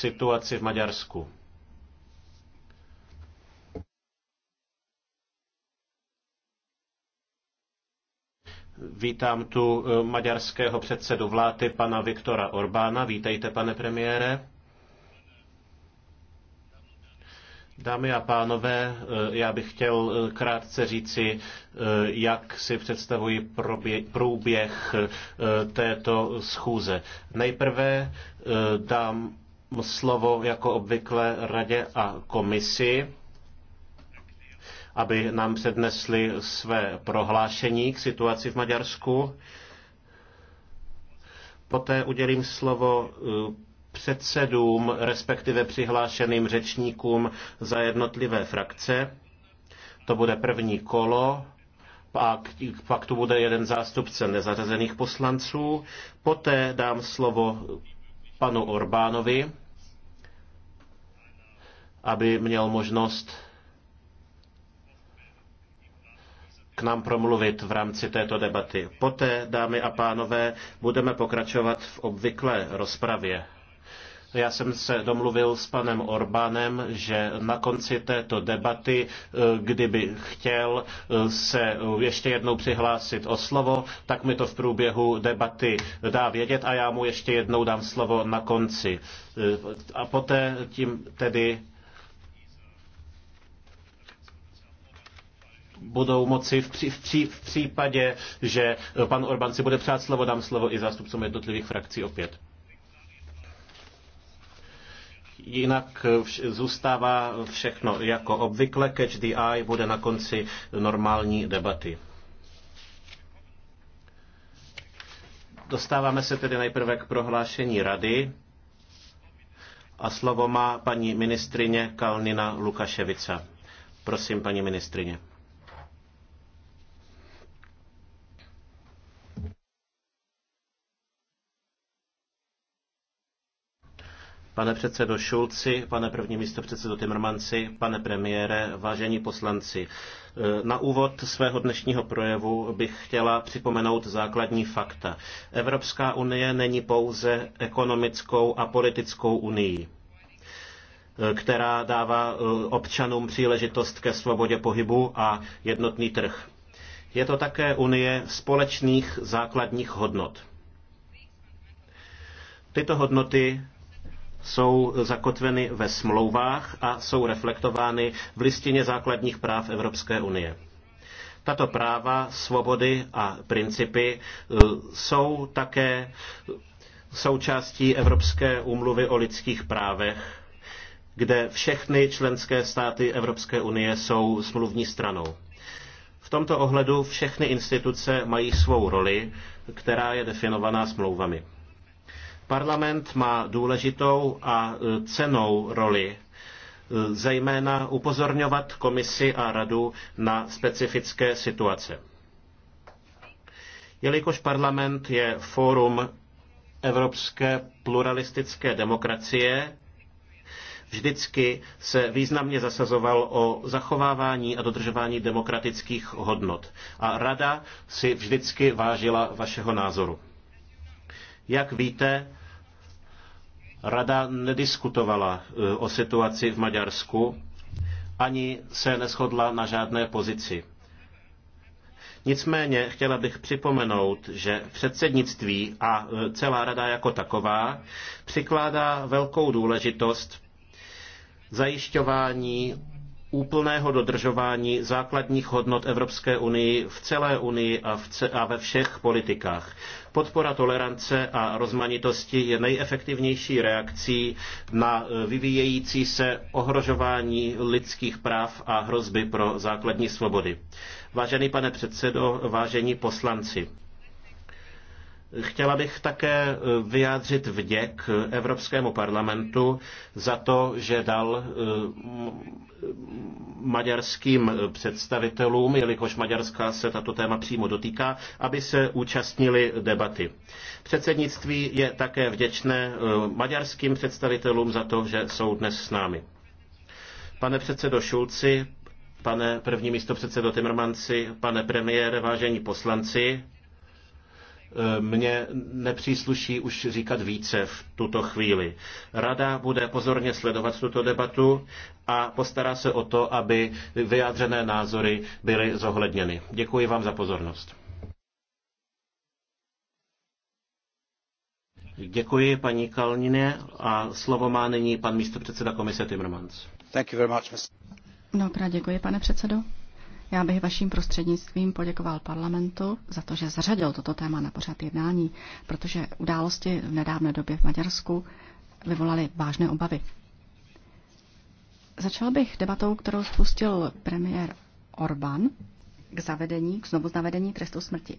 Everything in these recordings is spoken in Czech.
situaci v Maďarsku. Vítám tu eh, maďarského předsedu vlády, pana Viktora Orbána. Vítejte, pane premiére. Dámy a pánové, eh, já bych chtěl eh, krátce říci, jak si představuji průběh této schůze. Nejprve dám slovo jako obvykle radě a komisi, aby nám přednesli své prohlášení k situaci v Maďarsku. Poté udělím slovo eh, předsedům, respektive přihlášeným řečníkům za jednotlivé frakce. To bude první kolo, pak, pak tu bude jeden zástupce nezařazených poslanců. Poté dám slovo panu Orbánovi, aby měl možnost k nám promluvit v rámci této debaty. Poté, dámy a pánové, budeme pokračovat v obvyklé rozpravě. Já jsem se domluvil s panem Orbánem, že na konci této debaty, eh, kdyby chtěl eh, se ještě jednou přihlásit o slovo, tak mi to v průběhu debaty dá vědět a já mu ještě jednou dám slovo na konci. Eh, a poté tím tedy budou moci v, pří, v, pří, v případě, že pan Orbán si bude přát slovo, dám slovo i zástupcům jednotlivých frakcí opět. Jinak vš- zůstává všechno jako obvykle. Catch the Eye bude na konci normální debaty. Dostáváme se tedy nejprve k prohlášení rady a slovo má paní ministrině Kalnina Lukaševica. Prosím, paní ministrině. Pane předsedo Šulci, pane první místo předsedo Timmermansi, pane premiére, vážení poslanci. Na úvod svého dnešního projevu bych chtěla připomenout základní fakta. Evropská unie není pouze ekonomickou a politickou unii která dává eh, občanům příležitost ke svobodě pohybu a jednotný trh. Je to také unie společných základních hodnot. Tyto hodnoty jsou zakotveny ve smlouvách a jsou reflektovány v listině základních práv Evropské unie. Tato práva, svobody a principy e, jsou také součástí Evropské úmluvy o lidských právech, kde všechny členské státy Evropské unie jsou smluvní stranou. V tomto ohledu všechny instituce mají svou roli, která je definovaná smlouvami. Parlament má důležitou a e, cenou roli e, zejména upozorňovat komisi a radu na specifické situace. Jelikož parlament je fórum evropské pluralistické demokracie, vždycky se významně zasazoval o zachovávání a dodržování demokratických hodnot. A rada si vždycky vážila vašeho názoru. Jak víte, Rada nediskutovala e, o situaci v Maďarsku, ani se neschodla na žádné pozici. Nicméně chtěla bych připomenout, že předsednictví a e, celá rada jako taková přikládá velkou důležitost zajišťování úplného dodržování základních hodnot Evropské unii v celé unii a, v ce- a ve všech politikách. Podpora tolerance a rozmanitosti je nejefektivnější reakcí na e, vyvíjející se ohrožování lidských práv a hrozby pro základní svobody. Vážený pane předsedo, vážení poslanci, Chtěla bych také eh, vyjádřit vděk Evropskému parlamentu za to, že dal eh, maďarským eh, představitelům, jelikož Maďarska se tato téma přímo dotýká, aby se účastnili debaty. Předsednictví je také vděčné maďarským představitelům za to, že jsou dnes s námi. Pane předsedo Šulci, pane první místo předsedo Timmermansi, pane premiére, vážení poslanci, Eh, Mně nepřísluší už říkat více v tuto chvíli. Rada bude pozorně sledovat tuto debatu a postará se o to, aby vyjádřené názory byly zohledněny. Děkuji vám za pozornost. Děkuji paní Kalnině a slovo má nyní pan místopředseda komise Timmermans. Thank you very much, děkuji, pane předsedo. Já bych vaším prostřednictvím poděkoval parlamentu za to, že zařadil toto téma na pořad jednání, protože události v nedávné době v Maďarsku vyvolaly vážné obavy. Začal bych debatou, kterou spustil premiér Orbán k zavedení, k znovu zavedení trestu smrti.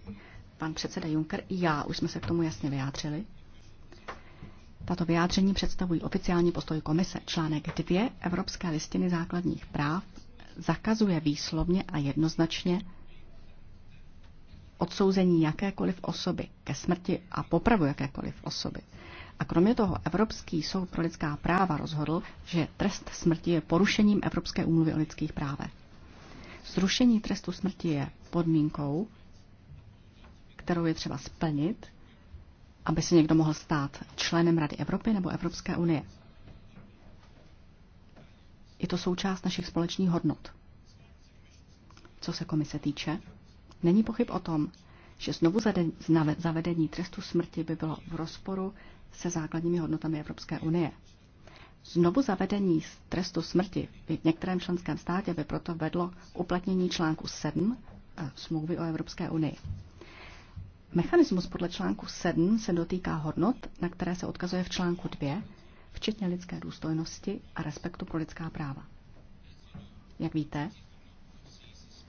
Pan předseda Juncker i já už jsme se k tomu jasně vyjádřili. Tato vyjádření představují oficiální postoj komise. Článek 2 Evropské listiny základních práv zakazuje výslovně a jednoznačně odsouzení jakékoliv osoby ke smrti a popravu jakékoliv osoby. A kromě toho Evropský soud pro lidská práva rozhodl, že trest smrti je porušením Evropské úmluvy o lidských právech. Zrušení trestu smrti je podmínkou, kterou je třeba splnit, aby se někdo mohl stát členem Rady Evropy nebo Evropské unie. Je to součást našich společných hodnot. Co se komise týče, není pochyb o tom, že znovu zavedení trestu smrti by bylo v rozporu se základními hodnotami Evropské unie. Znovu zavedení trestu smrti v některém členském státě by proto vedlo uplatnění článku 7 eh, smlouvy o Evropské unii. Mechanismus podle článku 7 se dotýká hodnot, na které se odkazuje v článku 2 včetně lidské důstojnosti a respektu pro lidská práva. Jak víte,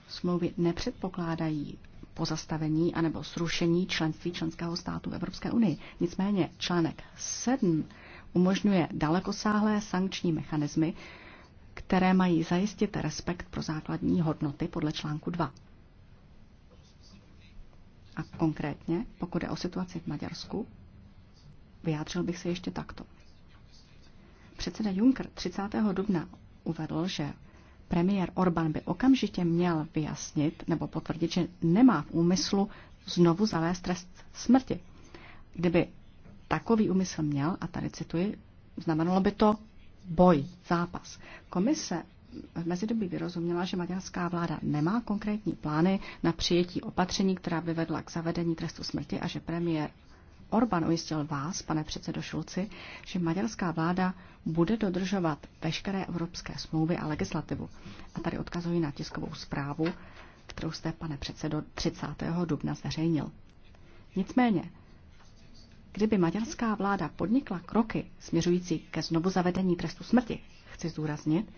smlouvy nepředpokládají pozastavení anebo zrušení členství členského státu v Evropské unii. Nicméně článek 7 umožňuje dalekosáhlé sankční mechanismy, které mají zajistit respekt pro základní hodnoty podle článku 2. A konkrétně, pokud je o situaci v Maďarsku, vyjádřil bych se ještě takto. Předseda Juncker 30. dubna uvedl, že premiér Orbán by okamžitě měl vyjasnit nebo potvrdit, že nemá v úmyslu znovu zavést trest smrti. Kdyby takový úmysl měl, a tady cituji, znamenalo by to boj, zápas. Komise v mezidobí vyrozuměla, že maďarská vláda nemá konkrétní plány na přijetí opatření, která by vedla k zavedení trestu smrti a že premiér Orbán ujistil vás, pane předsedo Šulci, že maďarská vláda bude dodržovat veškeré evropské smlouvy a legislativu. A tady odkazují na tiskovou zprávu, kterou jste, pane předsedo, 30. dubna zveřejnil. Nicméně, kdyby maďarská vláda podnikla kroky směřující ke znovu zavedení trestu smrti, chci zdůraznit,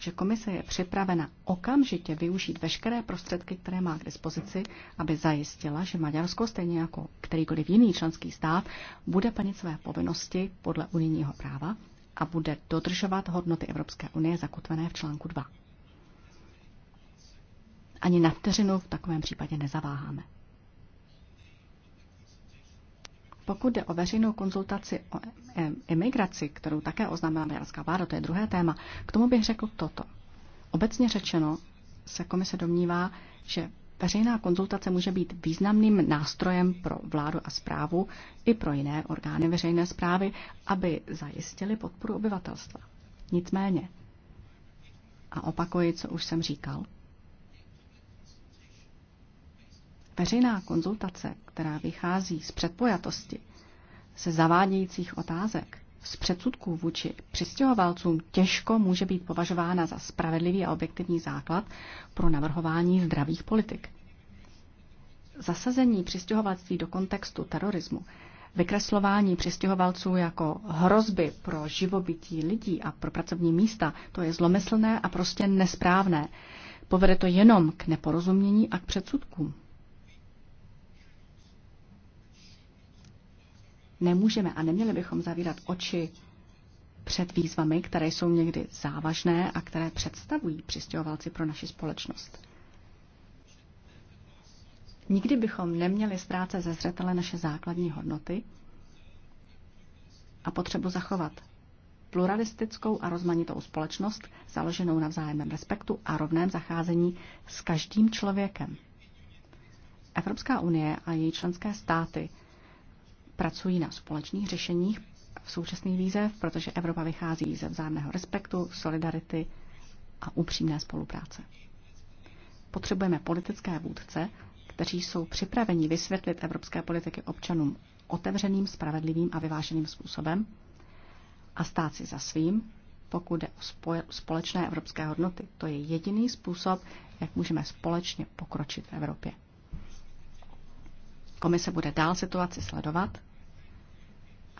že komise je připravena okamžitě využít veškeré prostředky, které má k dispozici, aby zajistila, že Maďarsko, stejně jako kterýkoliv jiný členský stát, bude plnit své povinnosti podle unijního práva a bude dodržovat hodnoty Evropské unie zakotvené v článku 2. Ani na vteřinu v takovém případě nezaváháme. Pokud jde o veřejnou konzultaci o imigraci, e-, kterou také oznámila maďarská vláda, to je druhé téma, k tomu bych řekl toto. Obecně řečeno se komise domnívá, že veřejná konzultace může být významným nástrojem pro vládu a zprávu i pro jiné orgány veřejné zprávy, aby zajistili podporu obyvatelstva. Nicméně, a opakuji, co už jsem říkal, Veřejná konzultace, která vychází z předpojatosti, se zavádějících otázek, z předsudků vůči přistěhovalcům těžko může být považována za spravedlivý a objektivní základ pro navrhování zdravých politik. Zasazení přistěhovalství do kontextu terorismu, vykreslování přistěhovalců jako hrozby pro živobytí lidí a pro pracovní místa, to je zlomyslné a prostě nesprávné. Povede to jenom k neporozumění a k předsudkům. Nemůžeme a neměli bychom zavírat oči před výzvami, které jsou někdy závažné a které představují přistěhovalci pro naši společnost. Nikdy bychom neměli ztrácet ze zřetele naše základní hodnoty a potřebu zachovat pluralistickou a rozmanitou společnost založenou na vzájemném respektu a rovném zacházení s každým člověkem. Evropská unie a její členské státy pracují na společných řešeních v současných výzev, protože Evropa vychází ze vzájemného respektu, solidarity a upřímné spolupráce. Potřebujeme politické vůdce, kteří jsou připraveni vysvětlit evropské politiky občanům otevřeným, spravedlivým a vyváženým způsobem a stát si za svým, pokud jde o společné evropské hodnoty. To je jediný způsob, jak můžeme společně pokročit v Evropě. Komise bude dál situaci sledovat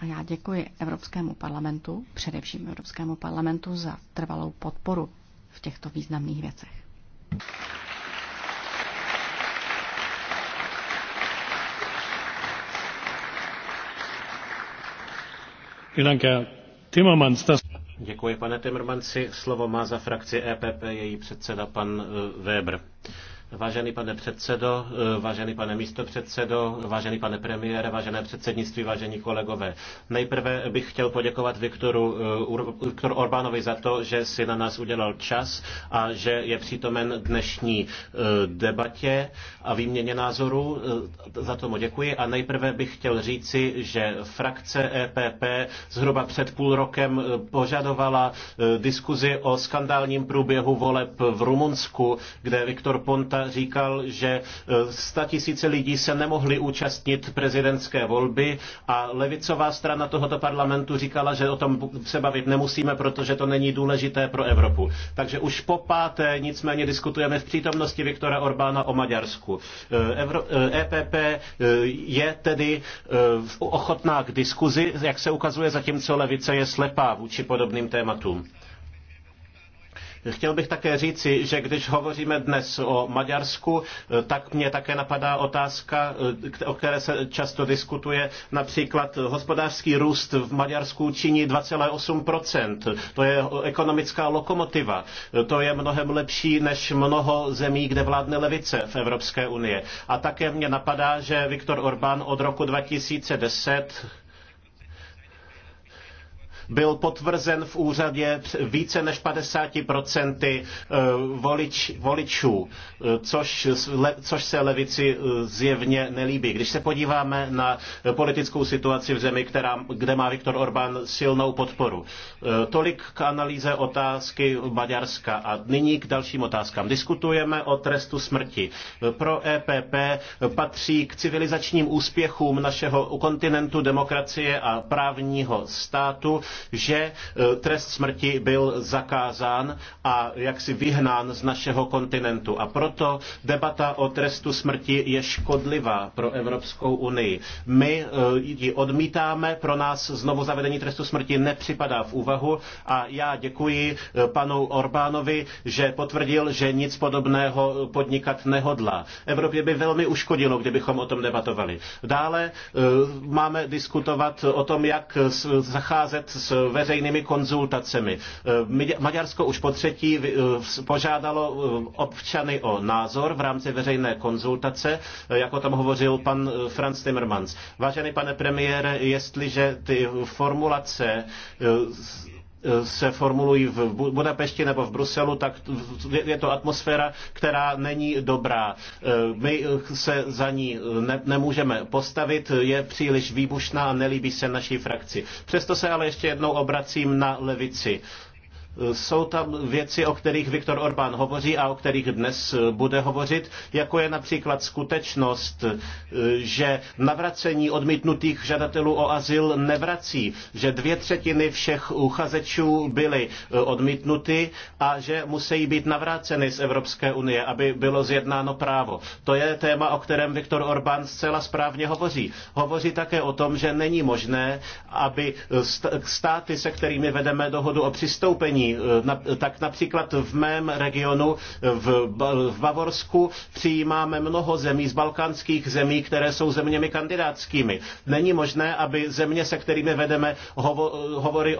a já děkuji Evropskému parlamentu, především Evropskému parlamentu, za trvalou podporu v těchto významných věcech. Děkuji, pane Timmermansi. Slovo má za frakci EPP její předseda pan eh, Weber. Vážený pane předsedo, vážený pane místopředsedo, vážený pane premiére, vážené předsednictví, vážení kolegové. Nejprve bych chtěl poděkovat Viktoru Viktor Orbánovi za to, že si na nás udělal čas a že je přítomen dnešní eh, debatě a výměně názorů. Eh, za mu děkuji a nejprve bych chtěl říci, že frakce EPP zhruba před půl rokem eh, požadovala diskuzi o skandálním průběhu voleb v Rumunsku, kde Viktor Ponta říkal, že eh, sta tisíce lidí se nemohli účastnit prezidentské volby a levicová strana tohoto parlamentu říkala, že o tom se bavit nemusíme, protože to není důležité pro Evropu. Takže už po páté nicméně diskutujeme v přítomnosti Viktora Orbána o Maďarsku. Eh, Evro, EPP eh, e je tedy ochotná k diskuzi, jak se ukazuje, zatímco levice je slepá vůči podobným tématům. Chtěl bych také říci, že když hovoříme dnes o Maďarsku, eh, tak mě také napadá otázka, eh, o které se často diskutuje. Například hospodářský růst v Maďarsku činí 2,8%. To je ekonomická lokomotiva. Eh, to je mnohem lepší než mnoho zemí, kde vládne levice v Evropské unii. A také mě napadá, že Viktor Orbán od roku 2010 byl potvrzen v úřadě více než 50% e, volič, voličů, e, což, což se levici e, zjevně nelíbí. Když se podíváme na politickou situaci v zemi, která, kde má Viktor Orbán silnou podporu. Tolik k analýze otázky Maďarska. A nyní k dalším otázkám. Diskutujeme o trestu smrti. Pro EPP patří k civilizačním úspěchům našeho kontinentu demokracie a právního státu, že e, trest smrti byl zakázán a jaksi vyhnán z našeho kontinentu. A proto debata o trestu smrti je škodlivá pro Evropskou unii. My e, ji odmítáme, pro nás znovu zavedení trestu smrti nepřipadá v úvahu a já děkuji e, panu Orbánovi, že potvrdil, že nic podobného podnikat nehodlá. Evropě by velmi uškodilo, kdybychom o tom debatovali. Dále máme diskutovat o tom, jak zacházet s veřejnými konzultacemi. Eh, Maďarsko už po třetí eh, požádalo eh, občany o názor v rámci veřejné konzultace, jako tam hovořil pan Franz Timmermans. Vážený pane premiére, jestliže ty formulace se formulují v Budapešti nebo v Bruselu, tak je to atmosféra, která není dobrá. E, my se za ní e, ne, nemůžeme postavit, je příliš výbušná a nelíbí se naší frakci. Přesto se ale ještě jednou obracím na levici. Jsou tam věci, o kterých Viktor Orbán hovoří a o kterých dnes eh, bude hovořit, jako je například skutečnost, eh, že navracení odmítnutých žadatelů o azyl nevrací, že dvě třetiny všech uchazečů byly eh, odmítnuty a že musí být navráceny z Evropské unie, aby bylo zjednáno právo. To je téma, o kterém Viktor Orbán zcela správně hovoří. Hovoří také o tom, že není možné, aby státy, se kterými vedeme dohodu o přistoupení, Eh, tak například v mém regionu v Bavorsku přijímáme mnoho zemí z balkánských zemí, které jsou zeměmi kandidátskými. Není možné, aby země, se kterými vedeme hovory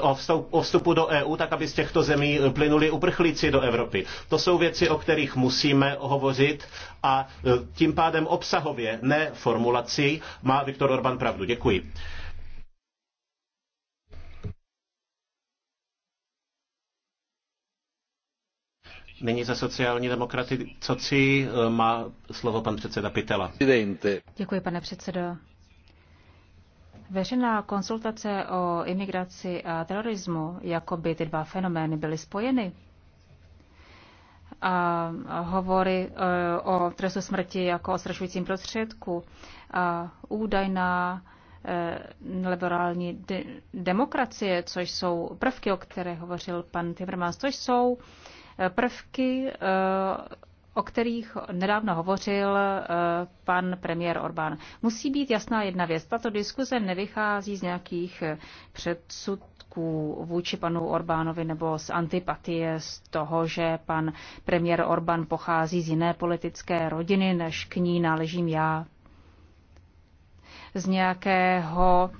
o vstupu do EU, tak aby z těchto zemí plynuli uprchlíci do Evropy. To jsou věci, o kterých musíme hovořit a eh, tím pádem obsahově, ne formulací, má Viktor Orbán pravdu. Děkuji. Nyní za sociální demokraty Coci e, má slovo pan předseda Pitela. Děkuji, pane předsedo. Veřejná konsultace o imigraci a terorismu, jako by ty dva fenomény byly spojeny. A hovory e, o trestu smrti jako o strašujícím prostředku a údajná e, liberální de- demokracie, což jsou prvky, o které hovořil pan Timmermans, což jsou uh, prvky, eh, o kterých nedávno hovořil eh, pan premiér Orbán. Musí být jasná jedna věc. Tato diskuze nevychází z nějakých eh, předsudků vůči panu Orbánovi nebo z antipatie z toho, že pan premiér Orbán pochází z jiné politické rodiny, než k ní náležím já. Z nějakého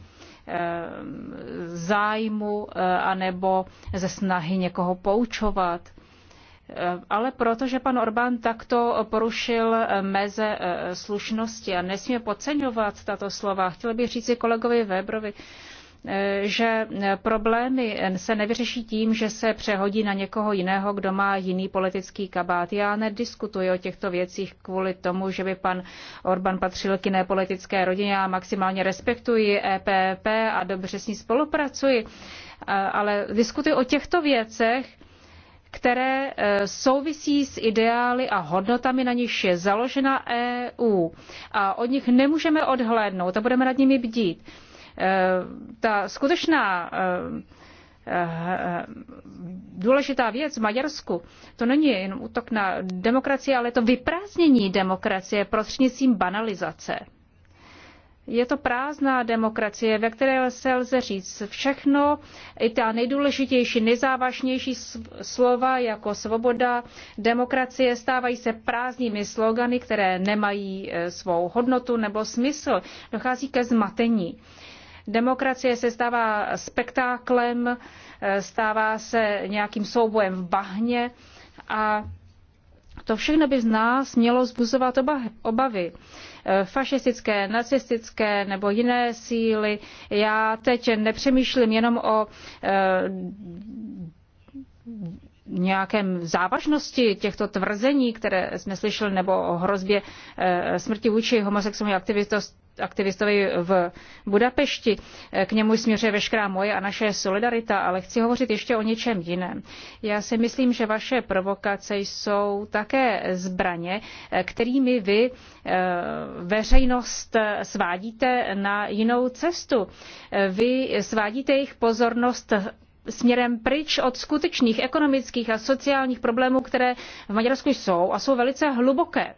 zájmu anebo ze snahy někoho poučovat Eh, ale protože pan Orbán takto porušil eh, meze eh, slušnosti a nesmí podceňovat tato slova. Chtěl bych říci kolegovi Webrovi, že problémy se nevyřeší tím, že se přehodí na někoho jiného, kdo má jiný politický kabát. Já nediskutuji o těchto věcích kvůli tomu, že by pan Orban patřil k jiné politické rodině. Já maximálně respektuji EPP a dobře s ní spolupracuji, ale diskutuji o těchto věcech, které eh, souvisí s ideály a hodnotami, na nichž je založena EU. A od nich nemůžeme odhlédnout a budeme nad nimi bdít. Eh, ta skutečná eh, důležitá věc v Maďarsku, to není jen útok na demokracii, ale je to vyprázdnění demokracie prostřednictvím banalizace. Je to prázdná demokracie, ve které se lze říct všechno, i ta nejdůležitější, nejzávažnější slova jako svoboda, demokracie stávají se prázdnými slogany, které nemají e, svou hodnotu nebo smysl. Dochází ke zmatení. Demokracie se stává spektáklem, e, stává se nějakým soubojem v bahně a to všechno by z nás mělo zbuzovat obavy. Eh, fašistické, nacistické nebo jiné síly. Já teď nepřemýšlím jenom o eh, nějakém závažnosti těchto tvrzení, které jsme slyšeli, nebo o hrozbě eh, smrti vůči homosexuální aktivistovi v Budapešti. Eh, k němu směřuje veškerá moje a naše solidarita, ale chci hovořit ještě o něčem jiném. Já si myslím, že vaše provokace jsou také zbraně, eh, kterými vy veřejnost svádíte na jinou cestu. Vy svádíte jejich pozornost směrem pryč od skutečných ekonomických a sociálních problémů, které v Maďarsku jsou a jsou velice hluboké.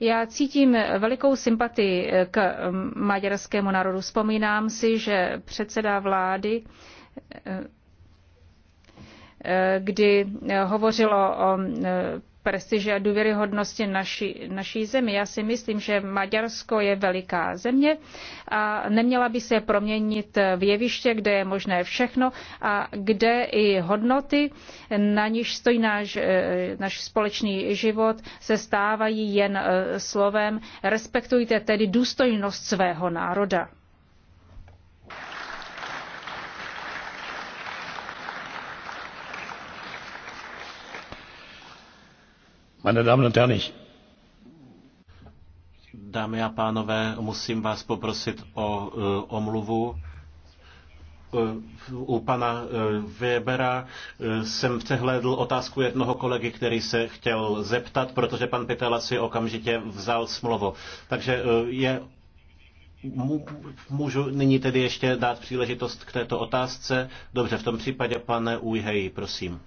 Já cítím velikou sympatii k maďarskému národu. Vzpomínám si, že předseda vlády eh, kdy hovořil o eh, prestiže a důvěryhodnosti naší, naší zemi. Já si myslím, že Maďarsko je veliká země a neměla by se proměnit v jeviště, kde je možné všechno a kde i hodnoty, na níž stojí náš, eh, náš společný život, se stávají jen eh, slovem. Respektujte tedy důstojnost svého národa. Dámy a pánové, musím vás poprosit o e, omluvu. E, u pana e, Webera jsem přehlédl otázku jednoho kolegy, který se chtěl zeptat, protože pan Pitela si okamžitě vzal smlouvu. Takže je Můžu nyní tedy ještě dát příležitost k této otázce? Dobře, v tom případě, pane Ujhej, prosím.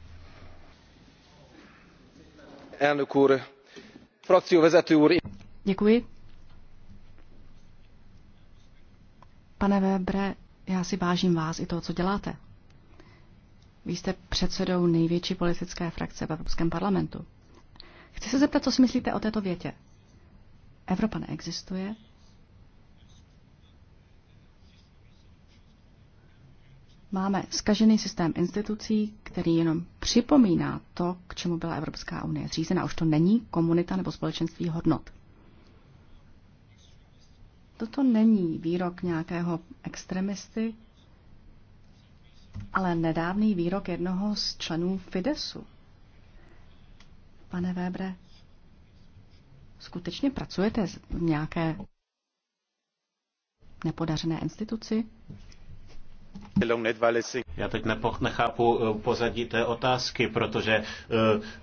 Pane Webre, já si vážím vás i toho, co děláte. Vy jste předsedou největší politické frakce v Evropském parlamentu. Chci se zeptat, co si myslíte o této větě. Evropa neexistuje, Máme skažený systém institucí, který jenom připomíná to, k čemu byla Evropská unie zřízena. Už to není komunita nebo společenství hodnot. Toto není výrok nějakého extremisty, ale nedávný výrok jednoho z členů Fidesu. Pane Webre, skutečně pracujete v nějaké nepodařené instituci? Já teď nechápu eh, pozadí té otázky, protože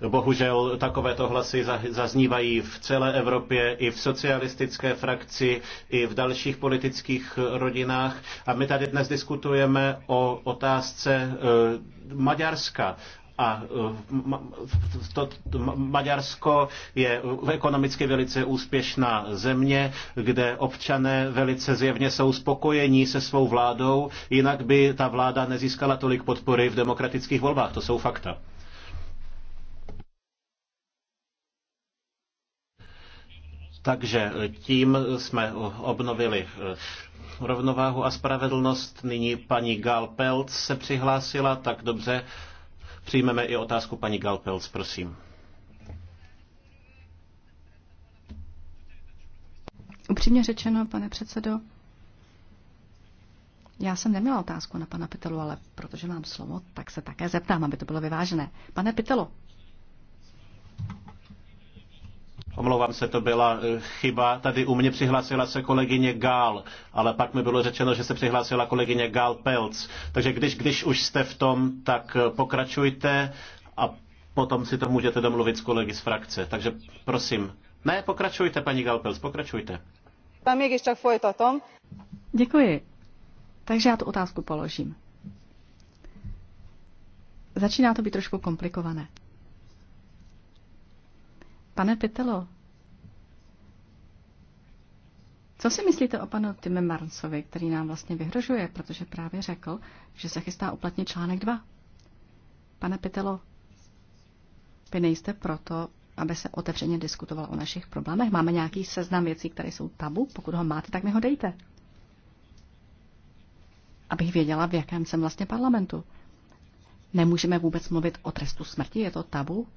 eh, bohužel takovéto hlasy zaznívají v celé Evropě, i v socialistické frakci, i v dalších politických rodinách. A my tady dnes diskutujeme o otázce eh, Maďarska a eh, to, Maďarsko je eh, ekonomicky velice úspěšná země, kde občané velice zjevně jsou spokojení se svou vládou, jinak by ta vláda nezískala tolik podpory v demokratických volbách. To jsou fakta. Takže eh, tím jsme obnovili rovnováhu a spravedlnost. Nyní paní Pelc se přihlásila, tak dobře. Přijmeme i otázku paní Galpelc, prosím. Upřímně řečeno, pane předsedo, já jsem neměla otázku na pana Pitelu, ale protože mám slovo, tak se také zeptám, aby to bylo vyvážené. Pane Pitelo, Omlouvám se, to byla eh, chyba. Tady u mě přihlásila se kolegyně Gál, ale pak mi bylo řečeno, že se přihlásila kolegyně Gál Pelc. Takže když, když už jste v tom, tak eh, pokračujte a potom si to můžete domluvit s kolegy z frakce. Takže prosím. Ne, pokračujte, paní Gál Pelc, pokračujte. Tam je ještě tom. Děkuji. Takže já tu otázku položím. Začíná to být trošku komplikované. Pane Pitelo, co si myslíte o panu Timmermansovi, který nám vlastně vyhrožuje, protože právě řekl, že se chystá uplatnit článek 2? Pane Pitelo, vy nejste proto, aby se otevřeně diskutovalo o našich problémech? Máme nějaký seznam věcí, které jsou tabu? Pokud ho máte, tak mi ho dejte. Abych věděla, v jakém jsem vlastně parlamentu. Nemůžeme vůbec mluvit o trestu smrti, je to tabu?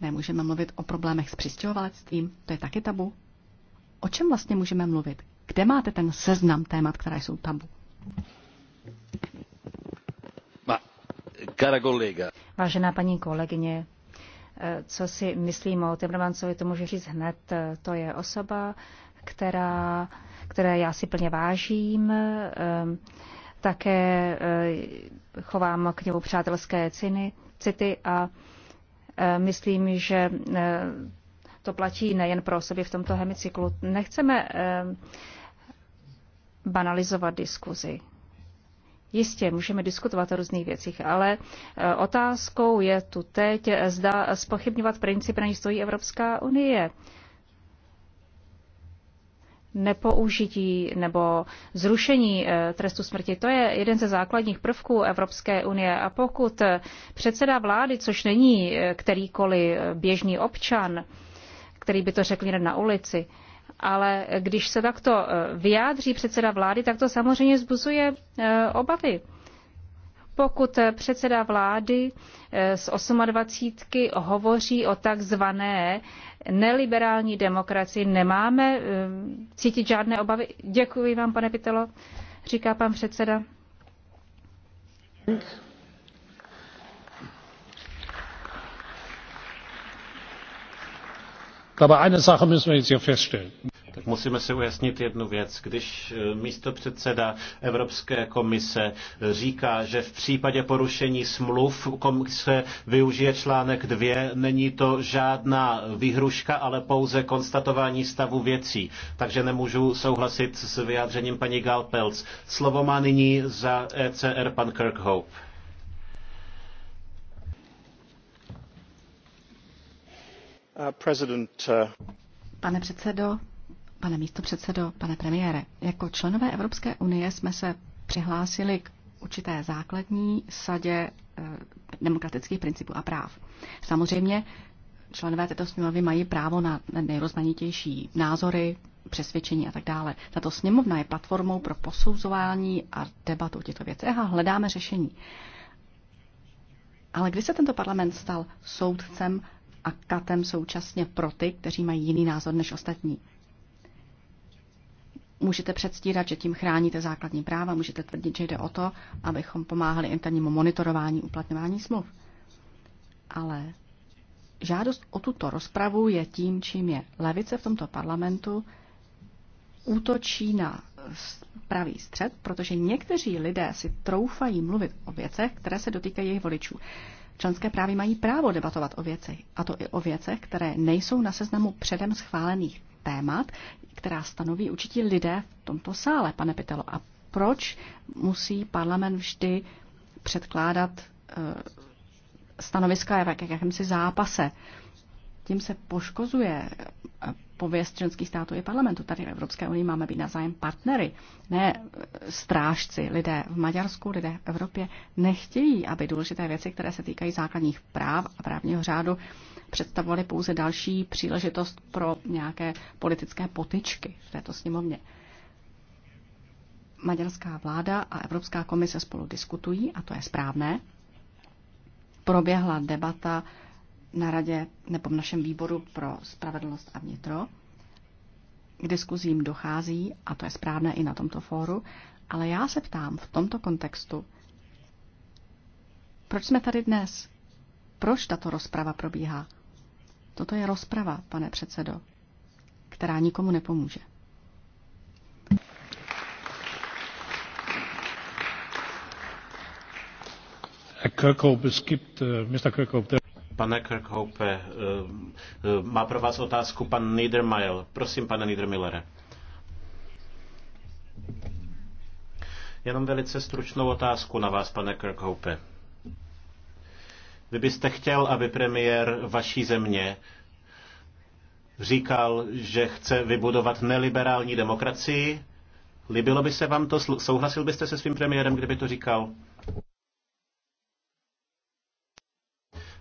Nemůžeme mluvit o problémech s přistěhovalectvím, to je taky tabu. O čem vlastně můžeme mluvit? Kde máte ten seznam témat, která jsou tabu? Ma, cara kolega. Vážená paní kolegyně, eh, co si myslím o Timmermansovi, to můžu říct hned. Eh, to je osoba, která, které já si plně vážím. Eh, také chovám k němu přátelské ciny, city a Eh, myslím, že eh, to platí nejen pro osoby v tomto hemicyklu. Nechceme eh, banalizovat diskuzi. Jistě, můžeme diskutovat o různých věcích, ale otázkou je tu teď, zda spochybňovat principy na ní stojí Evropská unie nepoužití nebo zrušení eh, trestu smrti. To je jeden ze základních prvků Evropské unie. A pokud předseda vlády, což není eh, kterýkoliv eh, běžný občan, který by to řekl jen na ulici, ale když se takto vyjádří předseda vlády, tak to samozřejmě zbuzuje obavy pokud eh, předseda vlády eh, z 28 hovoří o takzvané neliberální demokracii, nemáme eh, cítit žádné obavy. Děkuji vám, pane Pitelo, říká pan předseda. Aber eine Sache müssen wir jetzt hier feststellen tak musíme si ujasnit jednu věc. Když eh, místo předseda Evropské komise eh, říká, že v případě porušení smluv komise využije článek 2, není to žádná výhruška, ale pouze konstatování stavu věcí. Takže nemůžu souhlasit s vyjádřením paní Galpelc. Slovo má nyní za ECR pan Kirkhope. Uh, uh, Pane předsedo, Pane místo předsedo, pane premiére, jako členové Evropské unie jsme se přihlásili k určité základní sadě eh, demokratických principů a práv. Samozřejmě členové této sněmovny mají právo na nejrozmanitější názory, přesvědčení a tak dále. Tato sněmovna je platformou pro posouzování a debatu o těchto věcech a hledáme řešení. Ale kdy se tento parlament stal soudcem a katem současně pro ty, kteří mají jiný názor než ostatní? Můžete předstírat, že tím chráníte základní práva, můžete tvrdit, že jde o to, abychom pomáhali internímu monitorování uplatňování smluv. Ale žádost o tuto rozpravu je tím, čím je levice v tomto parlamentu útočí na pravý střed, protože někteří lidé si troufají mluvit o věcech, které se dotýkají jejich voličů. Členské právy mají právo debatovat o věcech, a to i o věcech, které nejsou na seznamu předem schválených témat, která stanoví určití lidé v tomto sále, pane Pitelo. A proč musí parlament vždy předkládat eh, stanoviska v jakémsi zápase? Tím se poškozuje eh, pověst členských států i parlamentu. Tady v Evropské unii máme být zájem partnery, ne eh, strážci. Lidé v Maďarsku, lidé v Evropě nechtějí, aby důležité věci, které se týkají základních práv a právního řádu, představovaly pouze další příležitost pro nějaké politické potyčky v této sněmovně. Maďarská vláda a Evropská komise spolu diskutují, a to je správné. Proběhla debata na radě nebo v našem výboru pro spravedlnost a vnitro. K diskuzím dochází, a to je správné i na tomto fóru, ale já se ptám v tomto kontextu, proč jsme tady dnes? Proč tato rozprava probíhá? Toto je rozprava, pane předsedo, která nikomu nepomůže. Uh, pane Kirkhope, uh, uh, má pro vás otázku pan Niedermayer. Prosím, pane Niedermillere. Jenom velice stručnou otázku na vás, pane Kirkhope. Vy byste chtěl, aby premiér vaší země říkal, že chce vybudovat neliberální demokracii? Líbilo by se vám to? Souhlasil byste se svým premiérem, kdyby to říkal?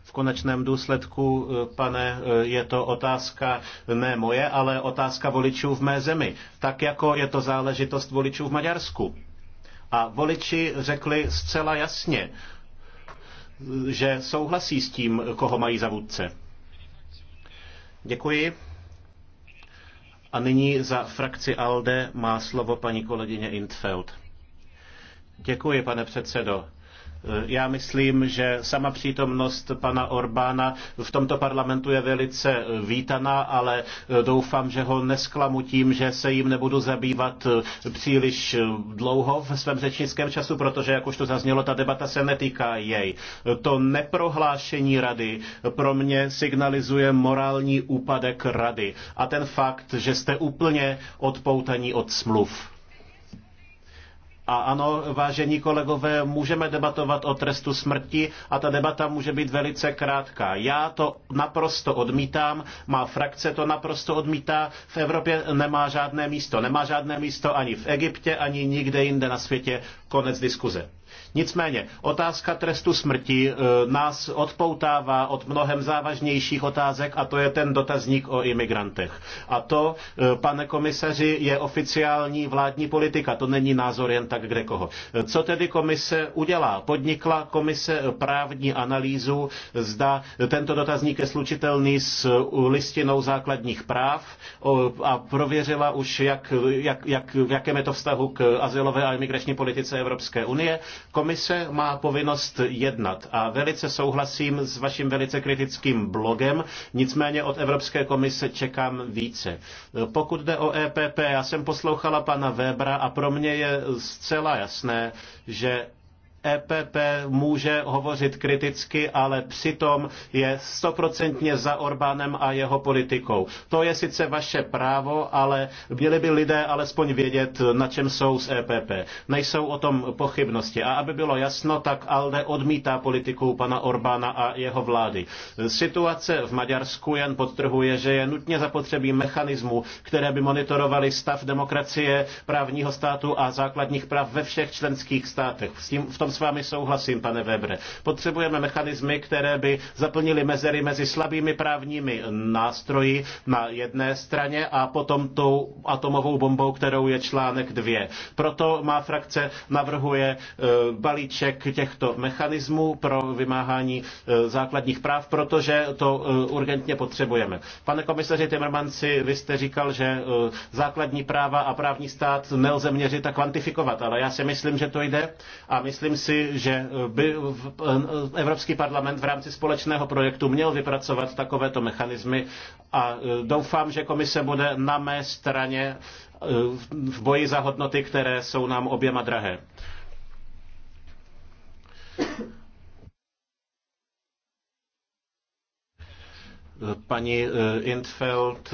V konečném důsledku, eh, pane, eh, je to otázka ne moje, ale otázka voličů v mé zemi. Tak jako je to záležitost voličů v Maďarsku. A voliči řekli zcela jasně, že souhlasí s tím, koho mají za vůdce. Děkuji. A nyní za frakci ALDE má slovo paní kolegyně Intfeld. Děkuji, pane předsedo. Eh, já myslím, že sama přítomnost pana Orbána v tomto parlamentu je velice eh, vítaná, ale eh, doufám, že ho nesklamu tím, že se jim nebudu zabývat příliš dlouho ve svém řečnickém času, protože, jak už to zaznělo, ta debata se netýká jej. To neprohlášení rady pro mě signalizuje morální úpadek rady a ten fakt, že jste úplně odpoutaní od smluv. A ano, vážení kolegové, můžeme debatovat o trestu smrti a ta debata může být velice krátká. Já to naprosto odmítám, má frakce to naprosto odmítá. V Evropě nemá žádné místo. Nemá žádné místo ani v Egyptě, ani nikde jinde na světě. Konec diskuze. Nicméně otázka trestu smrti eh, nás odpoutává od mnohem závažnějších otázek a to je ten dotazník o imigrantech. A to, eh, pane komisaři, je oficiální vládní politika, to není názor jen tak kde koho. Eh, co tedy komise udělá? Podnikla komise právní analýzu, zda tento dotazník je slučitelný s listinou základních práv a prověřila už, jak, jak, jak, v jakém je to vztahu k azylové a imigrační politice Evropské unie. Komise komise má povinnost jednat a velice souhlasím s vaším velice kritickým blogem, nicméně od Evropské komise čekám více. Pokud jde o EPP, já jsem poslouchala pana Webra a pro mě je zcela jasné, že EPP může hovořit kriticky, ale přitom je stoprocentně za Orbánem a jeho politikou. To je sice vaše právo, ale měli by lidé alespoň vědět, na čem jsou z EPP. Nejsou o tom pochybnosti. A aby bylo jasno, tak ALDE odmítá politiku pana Orbána a jeho vlády. Situace v Maďarsku jen podtrhuje, že je nutně zapotřebí mechanismů, které by monitorovaly stav demokracie, právního státu a základních práv ve všech členských státech. S tím, v tom s vámi souhlasím, pane Webre. Potřebujeme mechanismy, které by zaplnily mezery mezi slabými právními nástroji na jedné straně a potom tou atomovou bombou, kterou je článek 2. Proto má frakce navrhuje e, balíček těchto mechanismů pro vymáhání e, základních práv, protože to e, urgentně potřebujeme. Pane komisaři Timmermansi, vy jste říkal, že základní práva a právní stát nelze měřit a kvantifikovat, ale já si myslím, že to jde a myslím si, si, že eh, by eh, Evropský parlament v rámci společného projektu měl vypracovat takovéto mechanismy a eh, doufám, že komise bude na mé straně v boji za hodnoty, které jsou nám oběma drahé. Paní Intfeld,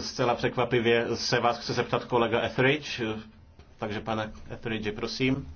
zcela překvapivě se vás chce zeptat kolega Etheridge, takže pane Etheridge, prosím.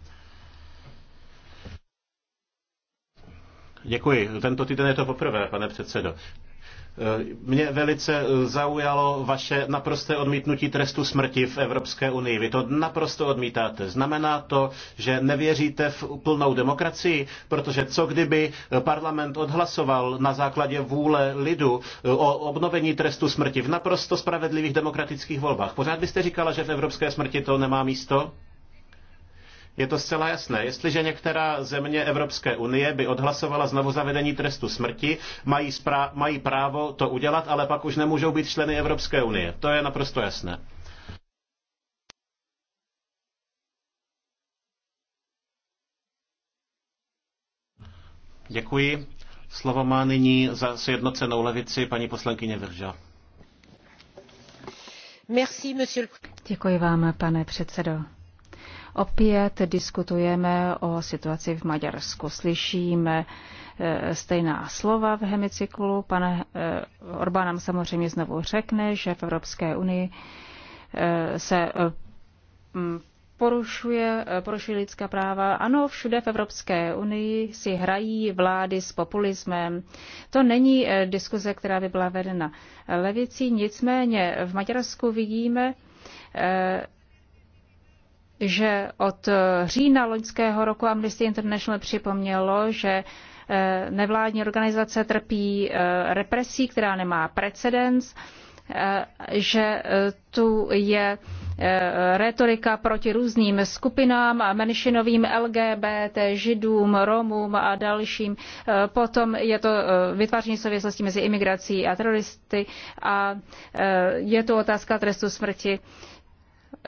Děkuji. Tento týden je to poprvé, pane předsedo. Eh, mě velice eh, zaujalo vaše naprosté odmítnutí trestu smrti v Evropské unii. Vy to naprosto odmítáte. Znamená to, že nevěříte v plnou demokracii, protože co kdyby eh, parlament odhlasoval na základě vůle lidu o obnovení trestu smrti v naprosto spravedlivých demokratických volbách? Pořád byste říkala, že v evropské smrti to nemá místo? Je to zcela jasné. Jestliže některá země Evropské unie by odhlasovala znovu zavedení trestu smrti, mají, spra- mají právo to udělat, ale pak už nemůžou být členy Evropské unie. To je naprosto jasné. Děkuji. Slovo má nyní za sjednocenou levici paní poslankyně Virža. Děkuji vám, pane předsedo. Opět diskutujeme o situaci v Maďarsku. Slyšíme eh, stejná slova v hemicyklu. Pan eh, Orbán nám samozřejmě znovu řekne, že v Evropské unii eh, se porušuje, porušuje lidská práva. Ano, všude v Evropské unii si hrají vlády s populismem. To není diskuze, která by byla vedena levicí, nicméně v Maďarsku vidíme, že od eh, října loňského roku Amnesty International připomnělo, že eh, nevládní organizace trpí eh, represí, která nemá precedens, že tu je retorika proti různým skupinám a menšinovým LGBT, židům, Romům a dalším. Potom je to vytváření souvislostí mezi imigrací a teroristy a je to otázka trestu smrti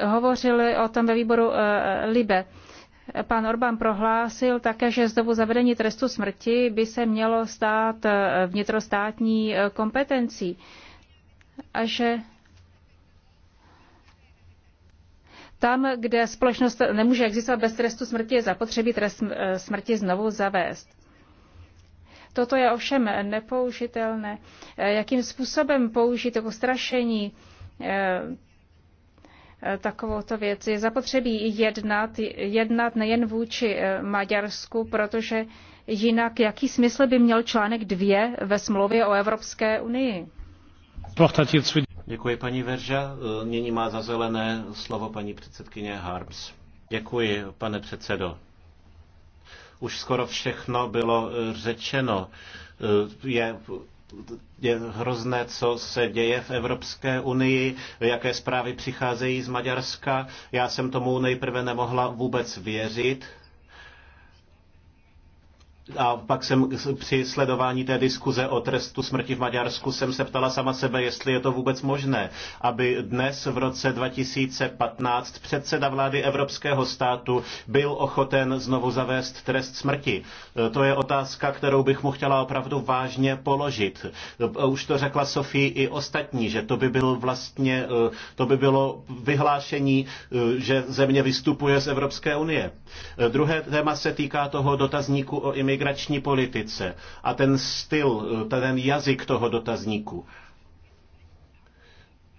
hovořili o tom ve výboru eh, Libe. Pan Orbán prohlásil také, že znovu zavedení trestu smrti by se mělo stát eh, vnitrostátní eh, kompetencí a že tam, kde společnost nemůže existovat bez trestu smrti, je zapotřebí trest smrti znovu zavést. Toto je ovšem nepoužitelné. Jakým způsobem použít to strašení Eh, takovouto věc. Je zapotřebí jednat, jednat nejen vůči eh, Maďarsku, protože jinak jaký smysl by měl článek 2 ve smlouvě o Evropské unii? Děkuji paní Verža. Eh, nyní má za zelené slovo paní předsedkyně Harms. Děkuji, pane předsedo. Už skoro všechno bylo řečeno. Je je hrozné, co se děje v Evropské unii, jaké zprávy přicházejí z Maďarska. Já jsem tomu nejprve nemohla vůbec věřit a pak jsem při sledování té diskuze o trestu smrti v Maďarsku jsem se ptala sama sebe, jestli je to vůbec možné, aby dnes v roce 2015 předseda vlády Evropského státu byl ochoten znovu zavést trest smrti. E, to je otázka, kterou bych mu chtěla opravdu vážně položit. E, už to řekla Sofie i ostatní, že to by bylo vlastně, e, to by bylo vyhlášení, že země vystupuje z Evropské unie. Druhé téma se týká toho dotazníku o imigraci migrační politice a ten styl, eh, ten jazyk toho dotazníku.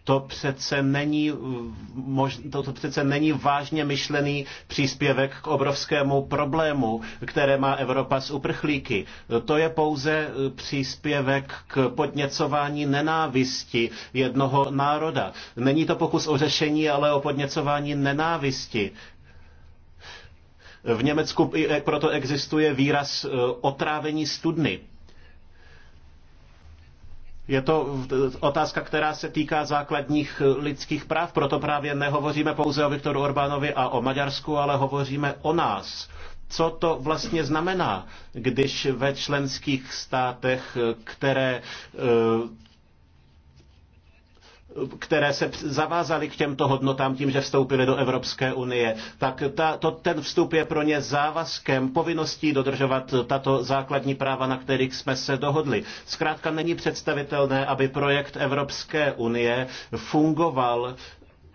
To přece, není, eh, to, to přece není vážně myšlený příspěvek k obrovskému problému, které má Evropa s uprchlíky. Eh, to je pouze příspěvek k podněcování nenávisti jednoho národa. Není to pokus o řešení, ale o podněcování nenávisti v Německu e, proto existuje výraz e, otrávení studny. Je to e, otázka, která se týká základních lidských práv, proto právě nehovoříme pouze o Viktoru Orbánovi a o Maďarsku, ale hovoříme o nás. Co to vlastně znamená, když ve členských státech, které které se zavázaly k těmto hodnotám tím, že vstoupily do Evropské unie, tak ta, to, ten vstup je pro ně závazkem, povinností dodržovat tato základní práva, na kterých jsme se dohodli. Zkrátka není představitelné, aby projekt Evropské unie fungoval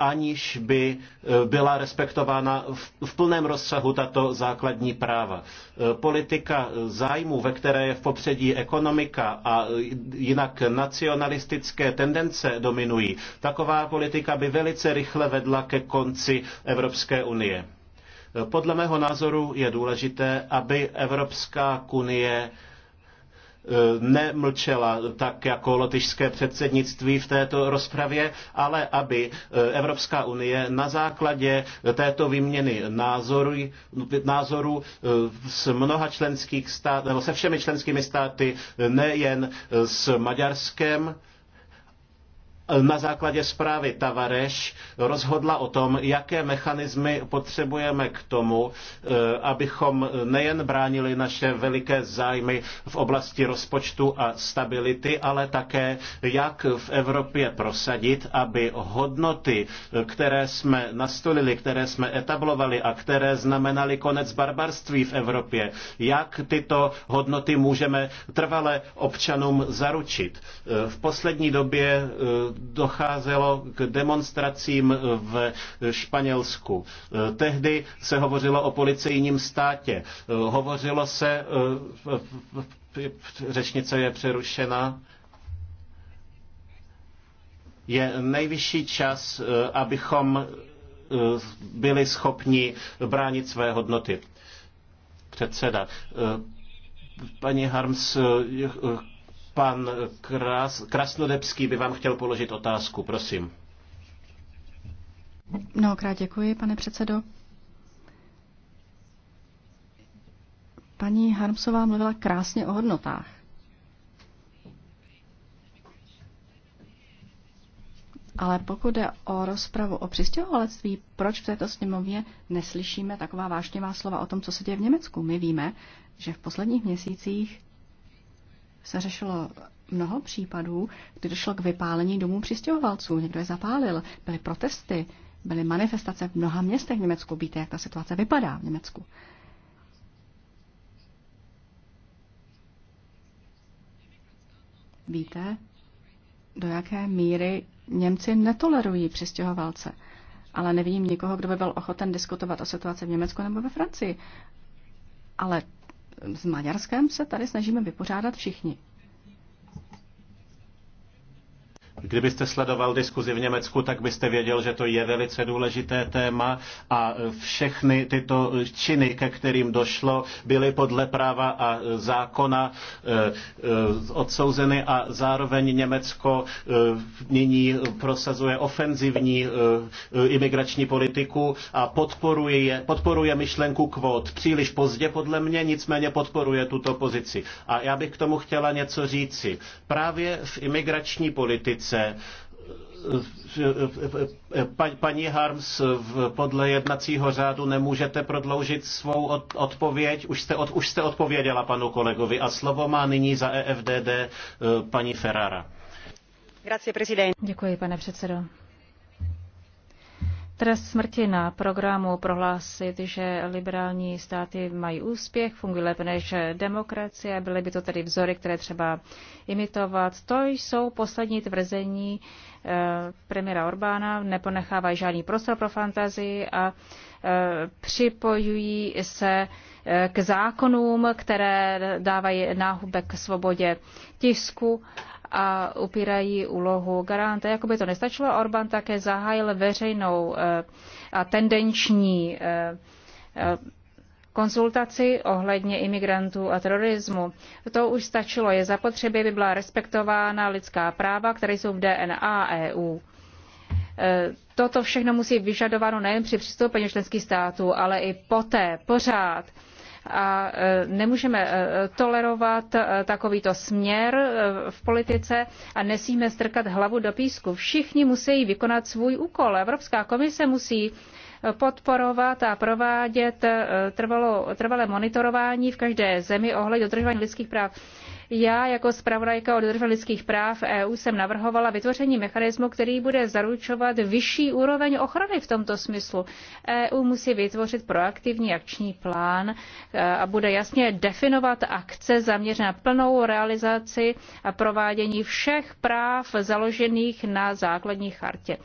aniž by e, byla respektována v plném rozsahu tato základní práva. E, politika zájmu, ve které je v popředí ekonomika a jinak nacionalistické tendence dominují, taková politika by velice rychle vedla ke konci Evropské unie. E, podle mého názoru je důležité, aby Evropská unie Eh, nemlčela tak jako lotyšské předsednictví v této rozpravě, ale aby eh, Evropská unie na základě této výměny názoru, názoru eh, s mnoha členských stát, nebo se všemi členskými státy, nejen s Maďarskem, Eh, na základě zprávy Tavareš rozhodla o tom, jaké mechanismy potřebujeme k tomu, eh, abychom nejen bránili naše veliké zájmy v oblasti rozpočtu a stability, ale také jak v Evropě prosadit, aby hodnoty, eh, které jsme nastolili, které jsme etablovali a které znamenaly konec barbarství v Evropě, jak tyto hodnoty můžeme trvale občanům zaručit. V poslední době docházelo k demonstracím v Španělsku. Eh, tehdy se hovořilo o policejním státě. Eh, hovořilo se, eh, řečnice je přerušena, je nejvyšší čas, abychom byli schopni bránit své hodnoty. Předseda. Paní Harms, Pan Kras, Krasnodebský by vám chtěl položit otázku, prosím. Mnohokrát děkuji, pane předsedo. Paní Harmsová mluvila krásně o hodnotách. Ale pokud jde o rozpravu o přistěhovalectví, proč v této sněmovně neslyšíme taková vášnivá slova o tom, co se děje v Německu? My víme, že v posledních měsících se řešilo mnoho případů, kdy došlo k vypálení domů přistěhovalců. Někdo je zapálil, byly protesty, byly manifestace v mnoha městech v Německu. Víte, jak ta situace vypadá v Německu. Víte, do jaké míry Němci netolerují přistěhovalce. Ale nevidím nikoho, kdo by byl ochoten diskutovat o situaci v Německu nebo ve Francii. Ale s Maďarskem se tady snažíme vypořádat všichni. Kdybyste sledoval diskuzi v Německu, tak byste věděl, že to je velice důležité téma a všechny tyto činy, ke kterým došlo, byly podle práva a zákona eh, eh, odsouzeny a zároveň Německo eh, nyní prosazuje ofenzivní imigrační politiku a podporuje, podporuje myšlenku kvót. Příliš pozdě podle mě, nicméně podporuje tuto pozici. A já bych k tomu chtěla něco říci. Právě v imigrační politice se paní Harms, podle jednacího řádu nemůžete prodloužit svou odpověď. Už jste, už jste odpověděla panu kolegovi a slovo má nyní za EFDD eh, paní Ferrara. Děkuji, pane předsedo trest smrti na programu prohlásit, že liberální státy mají úspěch, fungují lépe než demokracie, byly by to tedy vzory, které třeba imitovat. To jsou poslední tvrzení eh, premiéra Orbána, neponechávají žádný prostor pro fantazii a eh, připojují se eh, k zákonům, které dávají náhubek k svobodě tisku a upírají úlohu garanta. Jakoby to nestačilo, Orbán také zahájil veřejnou eh, a tendenční eh, eh, konzultaci ohledně imigrantů a terorismu. To už stačilo. Je zapotřebí, aby byla respektována lidská práva, které jsou v DNA EU. Toto všechno musí vyžadováno nejen při přistoupení členských států, ale i poté, pořád a e, nemůžeme e, tolerovat e, takovýto směr v politice a nesmíme strkat hlavu do písku. Všichni musí vykonat svůj úkol. Evropská komise musí podporovat a provádět trvalo, trvalé monitorování v každé zemi ohledně dodržování lidských práv. Já jako zpravodajka o dodržování lidských práv EU jsem navrhovala vytvoření mechanismu, který bude zaručovat vyšší úroveň ochrany v tomto smyslu. EU musí vytvořit proaktivní akční plán e, a bude jasně definovat akce zaměřené na plnou realizaci a provádění všech práv založených na základní chartě.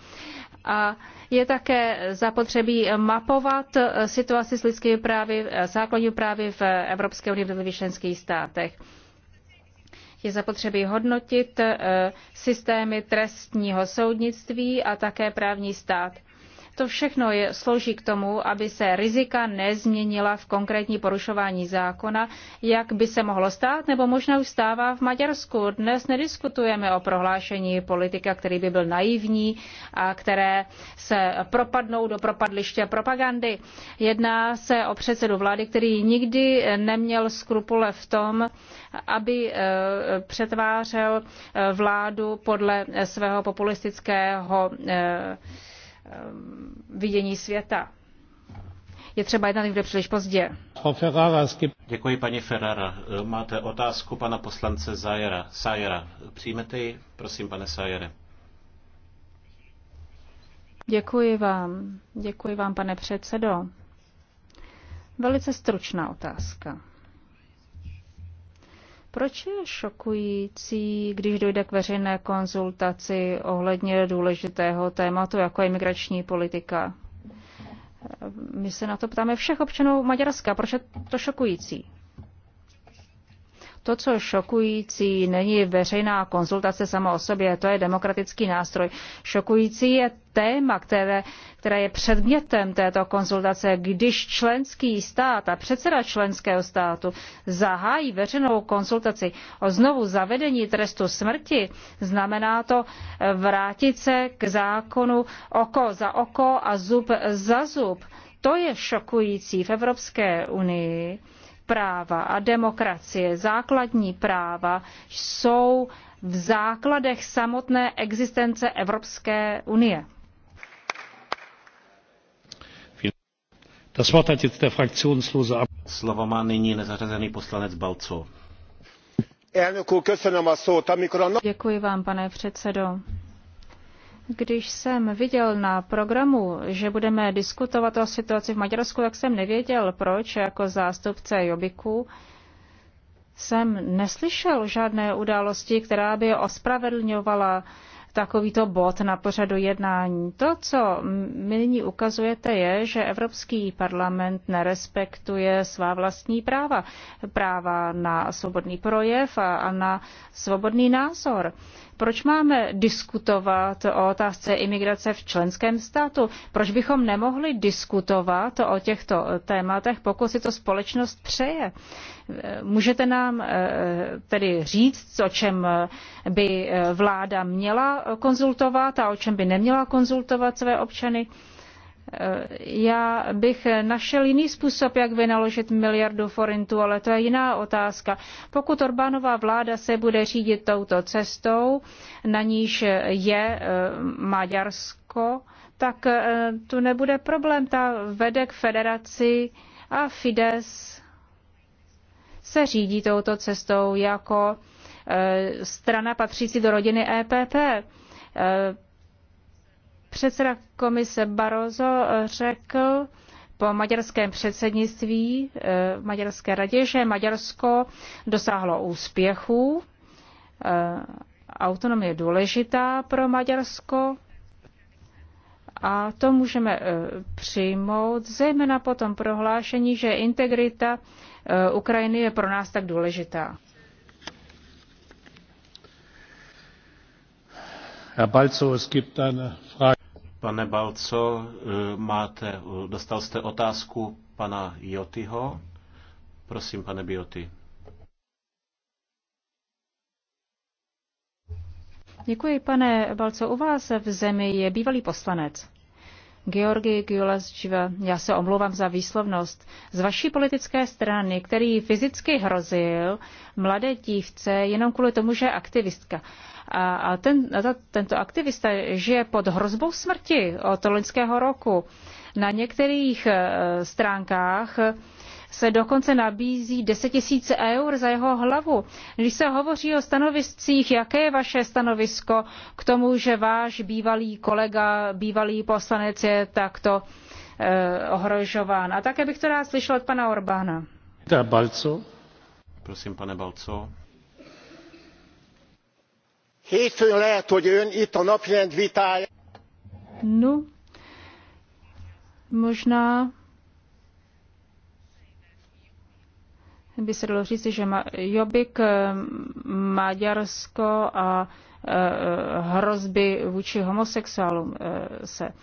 A je také zapotřebí mapovat situaci s lidskými právy, e, základními právy v Evropské unii v členských státech. Je zapotřebí hodnotit eh, systémy trestního soudnictví a také právní stát. To všechno je, slouží k tomu, aby se rizika nezměnila v konkrétní porušování zákona, jak by se mohlo stát, nebo možná už stává v Maďarsku. Dnes nediskutujeme o prohlášení politika, který by byl naivní a které se propadnou do propadliště propagandy. Jedná se o předsedu vlády, který nikdy neměl skrupule v tom, aby e, přetvářel e, vládu podle svého populistického e, Ehm, vidění světa. Je třeba jednat někde příliš pozdě. Děkuji, paní Ferrara. Eh, máte otázku pana poslance Zajera. Sajera. Přijmete ji? Prosím, pane Sajere. Děkuji vám. Děkuji vám, pane předsedo. Velice stručná otázka. Proč je šokující, když dojde k veřejné konzultaci ohledně důležitého tématu, jako je migrační politika? My se na to ptáme všech občanů Maďarska. Proč je to šokující? To, co šokující, není veřejná konzultace sama o sobě, to je demokratický nástroj. Šokující je téma, které, které je předmětem této konzultace, když členský stát a předseda členského státu zahájí veřejnou konzultaci o znovu zavedení trestu smrti, znamená to eh, vrátit se k zákonu oko za oko a zub za zub. To je šokující v Evropské unii práva a demokracie, základní práva, jsou v základech samotné existence Evropské unie. Slovo má nyní nezařazený poslanec Balco. Děkuji vám, pane předsedo. Když jsem viděl na programu, že budeme diskutovat o situaci v Maďarsku, tak jsem nevěděl, proč jako zástupce Jobiku jsem neslyšel žádné události, která by ospravedlňovala takovýto bod na pořadu jednání. To, co mi nyní ukazujete, je, že Evropský parlament nerespektuje svá vlastní práva. Práva na svobodný projev a, a na svobodný názor. Proč máme diskutovat o otázce imigrace v členském státu? Proč bychom nemohli diskutovat o těchto tématech, pokud si to společnost přeje? Můžete nám eh, tedy říct, o čem by eh, vláda měla konzultovat a o čem by neměla konzultovat své občany? Já bych našel jiný způsob, jak vynaložit miliardu forintů, ale to je jiná otázka. Pokud Orbánová vláda se bude řídit touto cestou, na níž je eh, Maďarsko, tak eh, tu nebude problém. Ta vede k federaci a Fides se řídí touto cestou jako eh, strana patřící do rodiny EPP Předseda komise Barroso eh, řekl po maďarském předsednictví v eh, Maďarské radě, že Maďarsko dosáhlo úspěchu. Eh, autonomie je důležitá pro Maďarsko a to můžeme přijmout, zejména po tom prohlášení, že integrita Ukrajiny je pro nás tak důležitá. Herr Balco, es gibt eine Frage. Pane Balco, eh, máte, eh, dostal jste otázku pana Jotyho. Prosím, pane Bioty. Děkuji, pane Balco. U vás v zemi je bývalý poslanec. Georgi Gulasčiva, já se omlouvám za výslovnost, z vaší politické strany, který fyzicky hrozil mladé dívce jenom kvůli tomu, že je aktivistka. A, a, ten, a to, tento aktivista žije pod hrozbou smrti od loňského roku. Na některých e, stránkách se dokonce nabízí 10 tisíc eur za jeho hlavu. Když se hovoří o stanoviscích, jaké je vaše stanovisko k tomu, že váš bývalý kolega, bývalý poslanec je takto e, ohrožován? A také bych to rád slyšel od pana Orbána. Balco. Prosím, pane Balco hétfőn lehet hogy ön itt a napirend vitáján. no možná by se dalo říci, že Jobbik, eh, Maďarsko a eh, eh, hrozby vůči homosexuálům se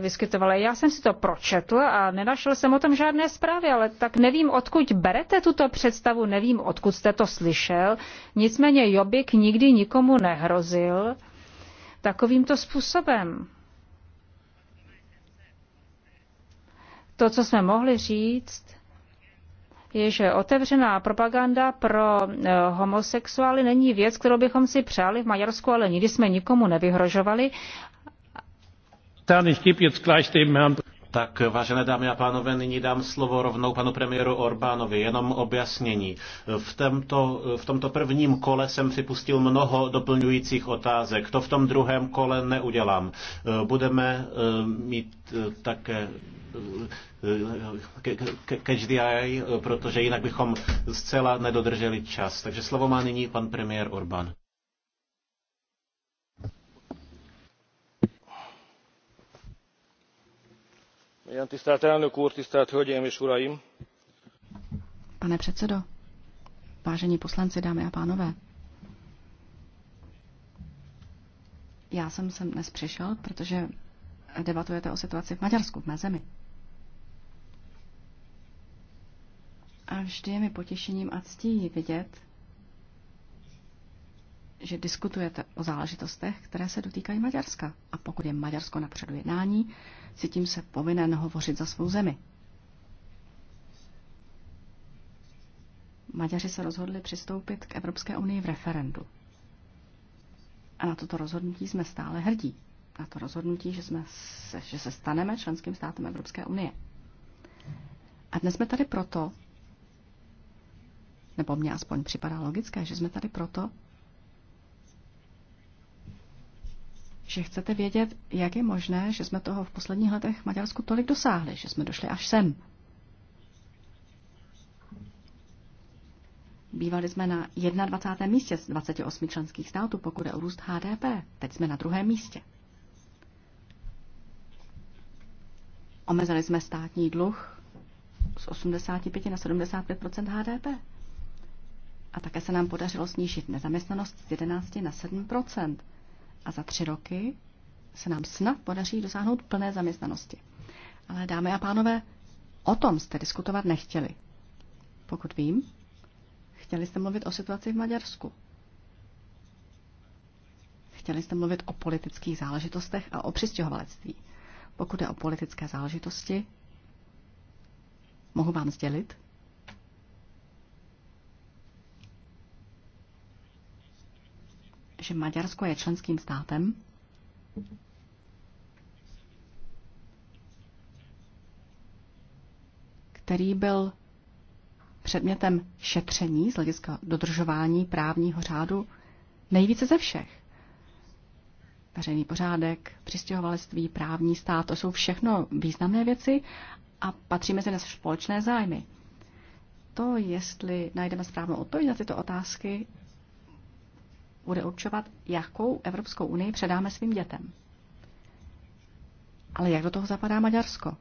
vyskytovala. Já jsem si to pročetl a nenašel jsem o tom žádné zprávy, ale tak nevím, odkud berete tuto představu, nevím, odkud jste to slyšel. Nicméně Jobik nikdy nikomu nehrozil takovýmto způsobem. To, co jsme mohli říct, je, že otevřená propaganda pro eh, homosexuály není věc, kterou bychom si přáli v Maďarsku, ale nikdy jsme nikomu nevyhrožovali tak, vážené dámy a pánové, nyní dám slovo rovnou panu premiéru Orbánovi. Jenom objasnění. V tomto, v tomto prvním kole jsem připustil mnoho doplňujících otázek. To v tom druhém kole neudělám. Budeme eh, mít eh, také eh, catch the eye, protože jinak bychom zcela nedodrželi čas. Takže slovo má nyní pan premiér Orbán. Pane předsedo, vážení poslanci, dámy a pánové, já jsem sem dnes přišel, protože debatujete o situaci v Maďarsku, v mé zemi. A vždy je mi potěšením a ctí vidět, že diskutujete o záležitostech, které se dotýkají Maďarska. A pokud je Maďarsko napředu jednání, cítím se povinen hovořit za svou zemi. Maďaři se rozhodli přistoupit k Evropské unii v referendu. A na toto rozhodnutí jsme stále hrdí. Na to rozhodnutí, že, jsme se, že se staneme členským státem Evropské unie. A dnes jsme tady proto, nebo mně aspoň připadá logické, že jsme tady proto, že chcete vědět, jak je možné, že jsme toho v posledních letech v Maďarsku tolik dosáhli, že jsme došli až sem. Bývali jsme na 21. místě z 28 členských států, pokud je o růst HDP. Teď jsme na druhém místě. Omezili jsme státní dluh z 85 na 75 HDP. A také se nám podařilo snížit nezaměstnanost z 11 na 7 a za tři roky se nám snad podaří dosáhnout plné zaměstnanosti. Ale dámy a pánové, o tom jste diskutovat nechtěli. Pokud vím, chtěli jste mluvit o situaci v Maďarsku. Chtěli jste mluvit o politických záležitostech a o přistěhovalectví. Pokud je o politické záležitosti, mohu vám sdělit, že Maďarsko je členským státem. který byl předmětem šetření z hlediska dodržování právního řádu nejvíce ze všech. Veřejný pořádek, přistěhovalectví, právní stát, to jsou všechno významné věci a patří mezi nás společné zájmy. To, jestli najdeme správnou odpověď na tyto otázky, bude určovat, jakou Evropskou unii předáme svým dětem. Ale jak do toho zapadá Maďarsko?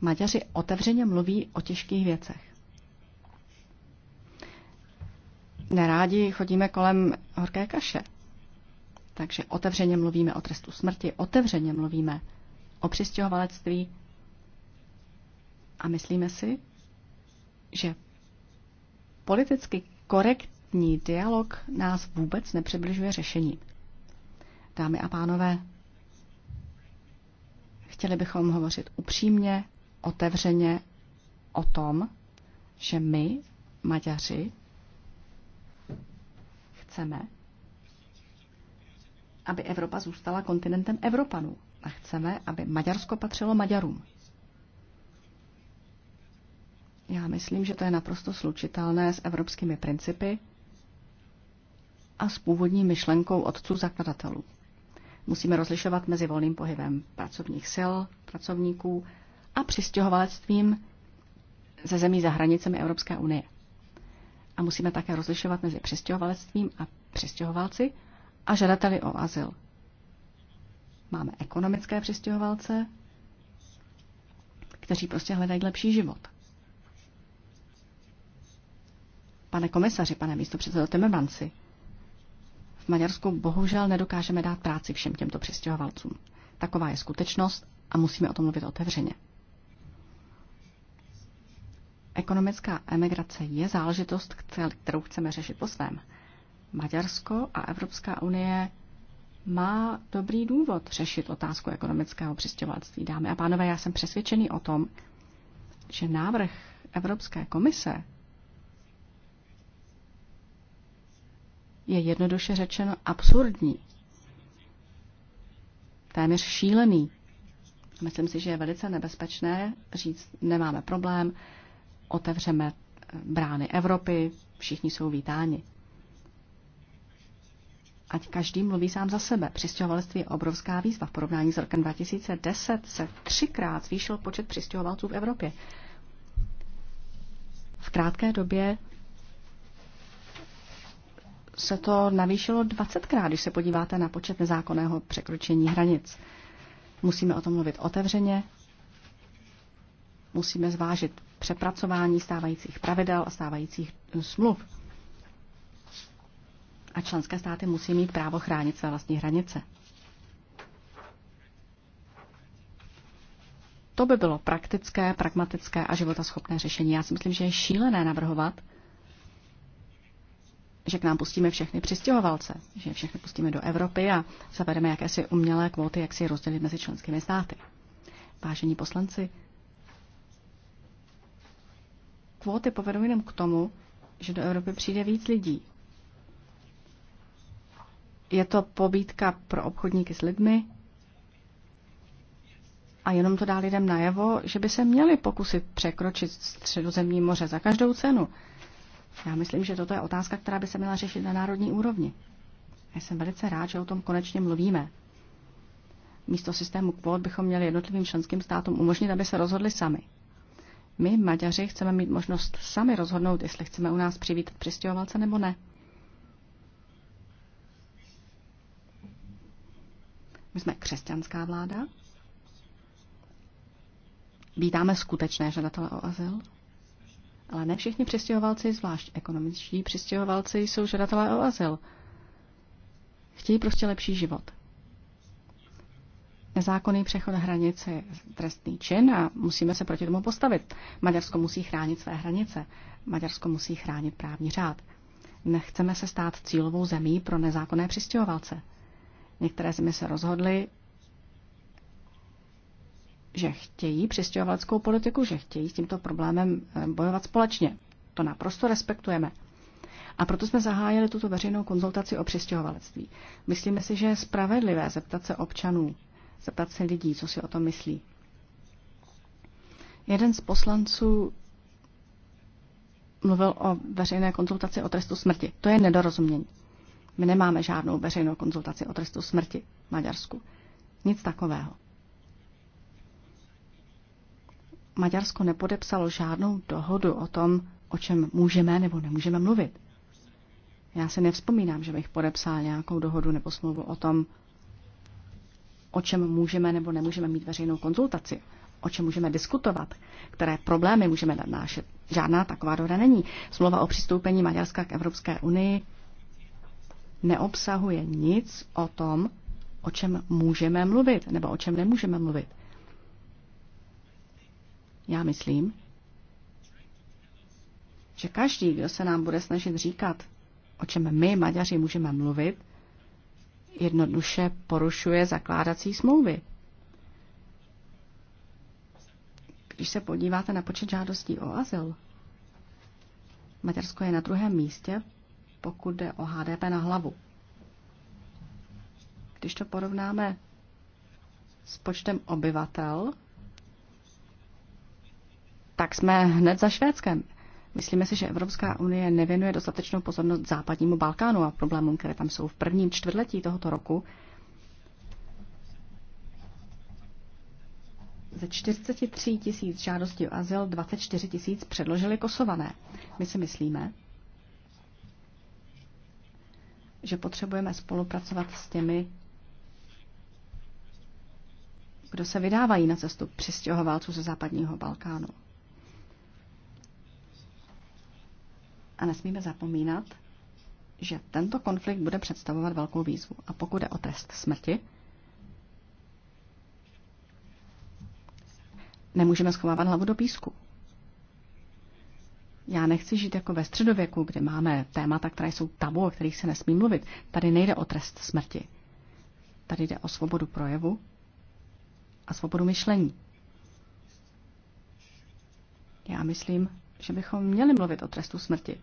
Maďaři otevřeně mluví o těžkých věcech. Nerádi chodíme kolem horké kaše. Takže otevřeně mluvíme o trestu smrti, otevřeně mluvíme o přistěhovalectví a myslíme si, že Politicky korektní dialog nás vůbec nepřibližuje řešení. Dámy a pánové, chtěli bychom hovořit upřímně, otevřeně o tom, že my, Maďaři, chceme, aby Evropa zůstala kontinentem Evropanů a chceme, aby Maďarsko patřilo Maďarům. Já myslím, že to je naprosto slučitelné s evropskými principy a s původní myšlenkou otců zakladatelů. Musíme rozlišovat mezi volným pohybem pracovních sil, pracovníků a přistěhovalectvím ze zemí za hranicemi Evropské unie. A musíme také rozlišovat mezi přistěhovalectvím a přistěhovalci a žadateli o azyl. Máme ekonomické přistěhovalce, kteří prostě hledají lepší život. Pane komisaři, pane místo předsedo Tememanci, v Maďarsku bohužel nedokážeme dát práci všem těmto přistěhovalcům. Taková je skutečnost a musíme o tom mluvit otevřeně. Ekonomická emigrace je záležitost, kterou chceme řešit po svém. Maďarsko a Evropská unie má dobrý důvod řešit otázku ekonomického přistěhovalství. Dámy a pánové, já jsem přesvědčený o tom, že návrh Evropské komise je jednoduše řečeno absurdní, téměř šílený. Myslím si, že je velice nebezpečné říct, nemáme problém, otevřeme brány Evropy, všichni jsou vítáni. Ať každý mluví sám za sebe. Přistěhovalství je obrovská výzva. V porovnání s rokem 2010 se třikrát zvýšil počet přistěhovalců v Evropě. V krátké době se to navýšilo 20krát, když se podíváte na počet nezákonného překročení hranic. Musíme o tom mluvit otevřeně, musíme zvážit přepracování stávajících pravidel a stávajících eh, smluv. A členské státy musí mít právo chránit své vlastní hranice. To by bylo praktické, pragmatické a životaschopné řešení. Já si myslím, že je šílené navrhovat, že k nám pustíme všechny přistěhovalce, že všechny pustíme do Evropy a zavedeme jakési umělé kvóty, jak si je rozdělit mezi členskými státy. Vážení poslanci, kvóty povedou jenom k tomu, že do Evropy přijde víc lidí. Je to pobídka pro obchodníky s lidmi a jenom to dá lidem najevo, že by se měli pokusit překročit středozemní moře za každou cenu – já myslím, že toto je otázka, která by se měla řešit na národní úrovni. Já jsem velice rád, že o tom konečně mluvíme. Místo systému kvót bychom měli jednotlivým členským státům umožnit, aby se rozhodli sami. My, Maďaři, chceme mít možnost sami rozhodnout, jestli chceme u nás přivítat přistěhovalce nebo ne. My jsme křesťanská vláda. Vítáme skutečné žadatele o azyl. Ale ne všichni přistěhovalci, zvlášť ekonomičtí přistěhovalci, jsou žadatelé o azyl. Chtějí prostě lepší život. Nezákonný přechod hranice je trestný čin a musíme se proti tomu postavit. Maďarsko musí chránit své hranice. Maďarsko musí chránit právní řád. Nechceme se stát cílovou zemí pro nezákonné přistěhovalce. Některé země se rozhodly, že chtějí přistěhovaleckou politiku, že chtějí s tímto problémem eh, bojovat společně. To naprosto respektujeme. A proto jsme zahájili tuto veřejnou konzultaci o přistěhovalectví. Myslíme si, že je spravedlivé zeptat se občanů, zeptat se lidí, co si o tom myslí. Jeden z poslanců mluvil o veřejné konzultaci o trestu smrti. To je nedorozumění. My nemáme žádnou veřejnou konzultaci o trestu smrti v Maďarsku. Nic takového. Maďarsko nepodepsalo žádnou dohodu o tom, o čem můžeme nebo nemůžeme mluvit. Já si nevzpomínám, že bych podepsal nějakou dohodu nebo smlouvu o tom, o čem můžeme nebo nemůžeme mít veřejnou konzultaci, o čem můžeme diskutovat, které problémy můžeme nadnášet. Žádná taková dohoda není. Smlouva o přistoupení Maďarska k Evropské unii neobsahuje nic o tom, o čem můžeme mluvit nebo o čem nemůžeme mluvit. Já myslím, že každý, kdo se nám bude snažit říkat, o čem my, Maďaři, můžeme mluvit, jednoduše porušuje zakládací smlouvy. Když se podíváte na počet žádostí o azyl, Maďarsko je na druhém místě, pokud jde o HDP na hlavu. Když to porovnáme s počtem obyvatel, tak jsme hned za Švédskem. Myslíme si, že Evropská unie nevěnuje dostatečnou pozornost západnímu Balkánu a problémům, které tam jsou v prvním čtvrtletí tohoto roku. Ze 43 tisíc žádostí o azyl 24 tisíc předložili kosované. My si myslíme, že potřebujeme spolupracovat s těmi, kdo se vydávají na cestu přistěhovalců ze západního Balkánu. A nesmíme zapomínat, že tento konflikt bude představovat velkou výzvu. A pokud je o trest smrti, nemůžeme schovávat hlavu do písku. Já nechci žít jako ve středověku, kde máme témata, která jsou tabu, o kterých se nesmí mluvit. Tady nejde o trest smrti. Tady jde o svobodu projevu a svobodu myšlení. Já myslím, že bychom měli mluvit o trestu smrti.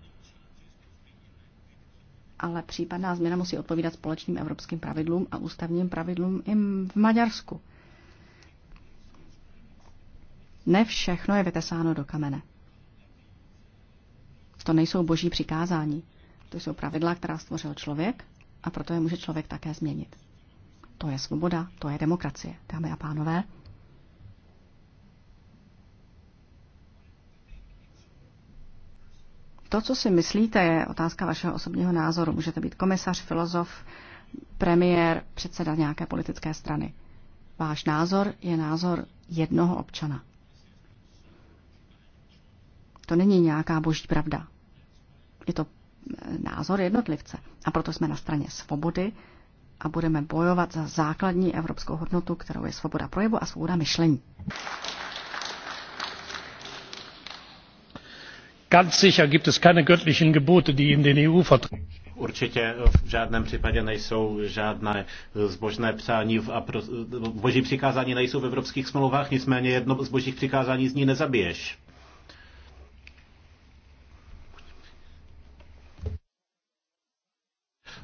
Ale případná změna musí odpovídat společným evropským pravidlům a ústavním pravidlům i v Maďarsku. Ne všechno je vytesáno do kamene. To nejsou boží přikázání. To jsou pravidla, která stvořil člověk a proto je může člověk také změnit. To je svoboda, to je demokracie, dámy a pánové. To, co si myslíte, je otázka vašeho osobního názoru. Můžete být komisař, filozof, premiér, předseda nějaké politické strany. Váš názor je názor jednoho občana. To není nějaká boží pravda. Je to eh, názor jednotlivce. A proto jsme na straně svobody a budeme bojovat za základní evropskou hodnotu, kterou je svoboda projevu a svoboda myšlení. ganz sicher gibt es keine göttlichen gebote die in den eu vertrag Určitě v žádném případě nejsou žádné zbožné přání a pro, boží přikázání nejsou v evropských smlouvách, nicméně jedno z božích přikázání z ní nezabiješ.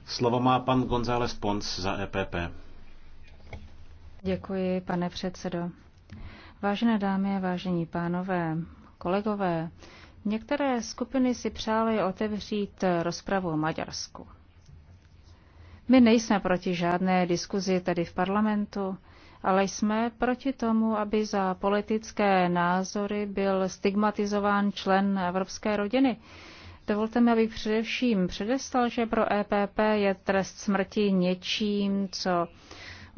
Slovo má pan González Pons za EPP. Děkuji, pane předsedo. Vážené dámy a vážení pánové, kolegové, Některé skupiny si přály otevřít rozpravu o Maďarsku. My nejsme proti žádné diskuzi tady v parlamentu, ale jsme proti tomu, aby za politické názory byl stigmatizován člen evropské rodiny. Dovolte mi, abych především předestal, že pro EPP je trest smrti něčím, co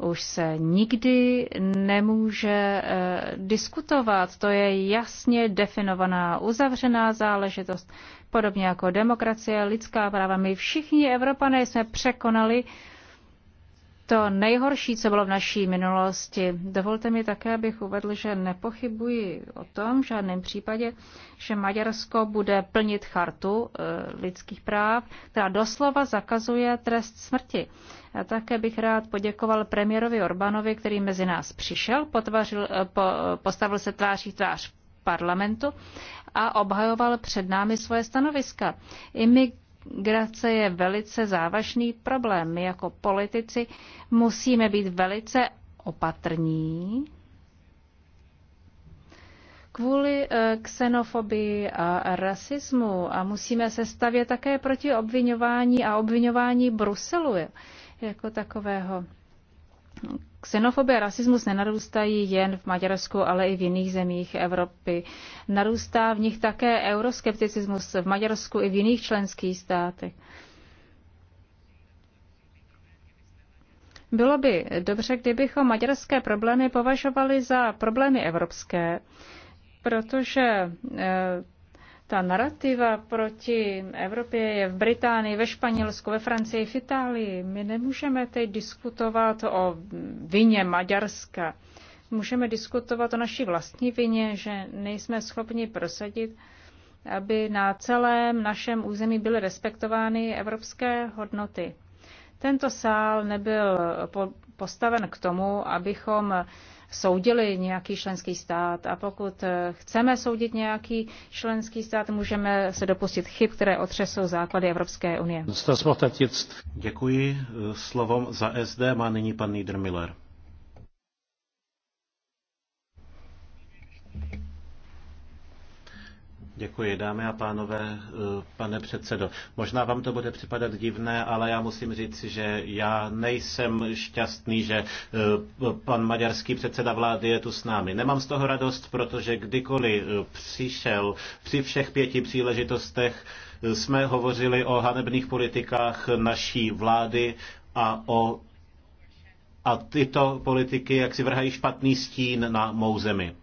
už se nikdy nemůže eh, diskutovat. To je jasně definovaná, uzavřená záležitost. Podobně jako demokracie, lidská práva, my všichni Evropané jsme překonali to nejhorší, co bylo v naší minulosti. Dovolte mi také, abych uvedl, že nepochybuji o tom v žádném případě, že Maďarsko bude plnit chartu eh, lidských práv, která doslova zakazuje trest smrti. A také bych rád poděkoval premiérovi Orbánovi, který mezi nás přišel, potvařil, eh, po, postavil se tváří tvář parlamentu a obhajoval před námi svoje stanoviska. I my migrace je velice závažný problém. My jako politici musíme být velice opatrní kvůli eh, xenofobii a rasismu a musíme se stavět také proti obvinování a obvinování Bruselu jako takového. Xenofobie a rasismus nenarůstají jen v Maďarsku, ale i v jiných zemích Evropy. Narůstá v nich také euroskepticismus v Maďarsku i v jiných členských státech. Bylo by dobře, kdybychom maďarské problémy považovali za problémy evropské, protože eh, ta narrativa proti Evropě je v Británii, ve Španělsku, ve Francii, v Itálii. My nemůžeme teď diskutovat o vině Maďarska. Můžeme diskutovat o naší vlastní vině, že nejsme schopni prosadit, aby na celém našem území byly respektovány evropské hodnoty. Tento sál nebyl postaven k tomu, abychom soudili nějaký členský stát. A pokud eh, chceme soudit nějaký členský stát, můžeme se dopustit chyb, které otřesou základy Evropské unie. Děkuji. Eh, Slovom za SD má nyní pan Niedermiller. Děkuji, dámy a pánové, eh, pane předsedo. Možná vám to bude připadat divné, ale já musím říct, že já nejsem šťastný, že eh, pan maďarský předseda vlády je tu s námi. Nemám z toho radost, protože kdykoliv eh, přišel při všech pěti příležitostech, jsme hovořili o hanebných politikách naší vlády a o a tyto politiky jak si vrhají špatný stín na mou zemi.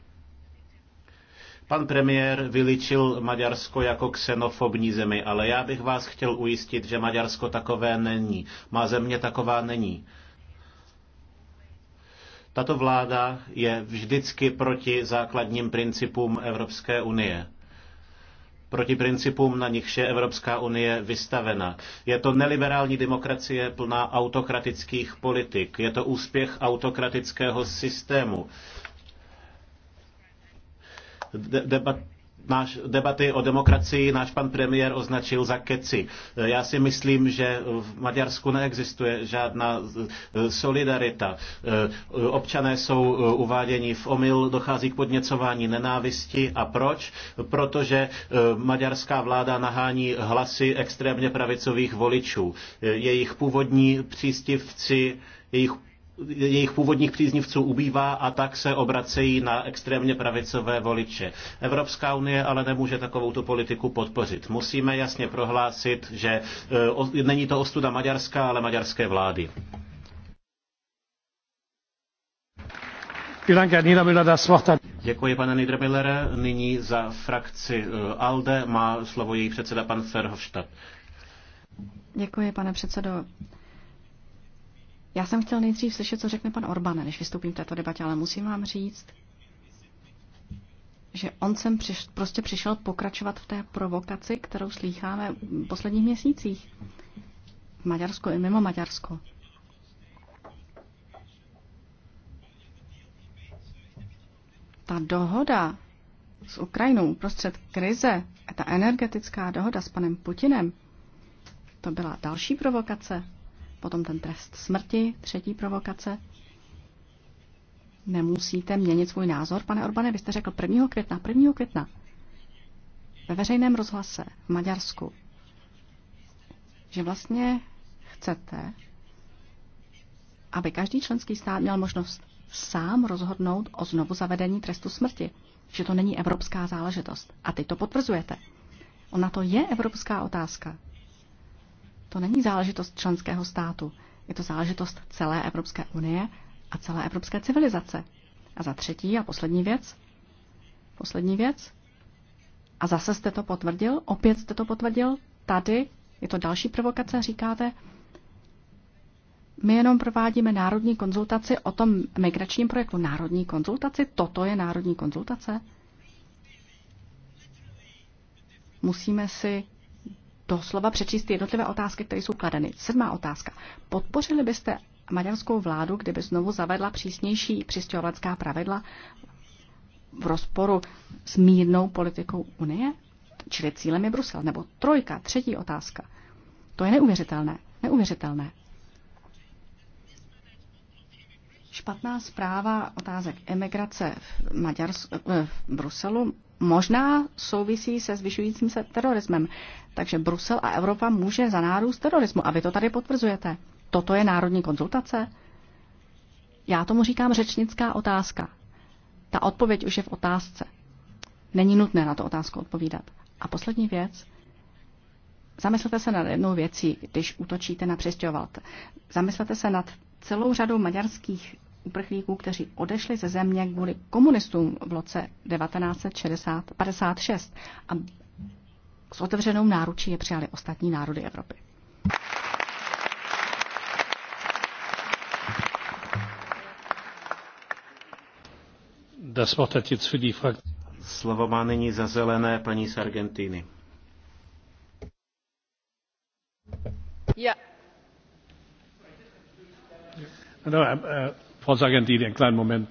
Pan premiér vyličil Maďarsko jako xenofobní zemi, ale já bych vás chtěl ujistit, že Maďarsko takové není. Má země taková není. Tato vláda je vždycky proti základním principům Evropské unie proti principům, na nichž je Evropská unie vystavena. Je to neliberální demokracie plná autokratických politik. Je to úspěch autokratického systému debat, náš debaty o demokracii náš pan premiér označil za keci. Já si myslím, že v Maďarsku neexistuje žádná eh, solidarita. Eh, občané jsou eh, uváděni v omyl, dochází k podněcování nenávisti. A proč? Protože maďarská vláda nahání hlasy extrémně pravicových voličů. Jejich původní přístivci jejich jejich původních příznivců ubývá a tak se obracejí na extrémně pravicové voliče. Evropská unie ale nemůže takovou tu politiku podpořit. Musíme jasně prohlásit, že eh, není to ostuda Maďarska, ale maďarské vlády. Děkuji, pane Niedermillere. Nyní za frakci eh, ALDE má slovo její předseda pan Ferhofstadt. Děkuji, pane předsedo. Já jsem chtěl nejdřív slyšet, co řekne pan Orbán, než vystoupím v této debatě, ale musím vám říct, že on sem přiš, prostě přišel pokračovat v té provokaci, kterou slýcháme v posledních měsících. V Maďarsku i mimo Maďarsko. Ta dohoda s Ukrajinou prostřed krize a ta energetická dohoda s panem Putinem, to byla další provokace potom ten trest smrti, třetí provokace. Nemusíte měnit svůj názor, pane Orbane, vy jste řekl 1. května, 1. května ve veřejném rozhlase v Maďarsku, že vlastně chcete, aby každý členský stát měl možnost sám rozhodnout o znovu zavedení trestu smrti, že to není evropská záležitost. A teď to potvrzujete. Ona to je evropská otázka. To není záležitost členského státu, je to záležitost celé Evropské unie a celé evropské civilizace. A za třetí a poslední věc, poslední věc, a zase jste to potvrdil, opět jste to potvrdil, tady je to další provokace, říkáte, my jenom provádíme národní konzultaci o tom migračním projektu. Národní konzultaci? Toto je národní konzultace? Musíme si doslova přečíst jednotlivé otázky, které jsou kladeny. Sedmá otázka. Podpořili byste maďarskou vládu, kdyby znovu zavedla přísnější přistěhovalecká pravidla v rozporu s mírnou politikou Unie? Čili cílem je Brusel. Nebo trojka, třetí otázka. To je neuvěřitelné. Neuvěřitelné. Špatná zpráva otázek emigrace v, Maďars- eh, v Bruselu možná souvisí se zvyšujícím se terorismem. Takže Brusel a Evropa může za nárůst terorismu. A vy to tady potvrzujete. Toto je národní konzultace? Já tomu říkám řečnická otázka. Ta odpověď už je v otázce. Není nutné na to otázku odpovídat. A poslední věc. Zamyslete se nad jednou věcí, když útočíte na přistěhovalce. Zamyslete se nad celou řadou maďarských uprchlíků, kteří odešli ze země kvůli komunistům v roce 1956 a s otevřenou náručí je přijali ostatní národy Evropy. Slovo má nyní za zelené paní z Argentíny. Yeah. No, uh, Frau Sargentini, einen kleinen Moment.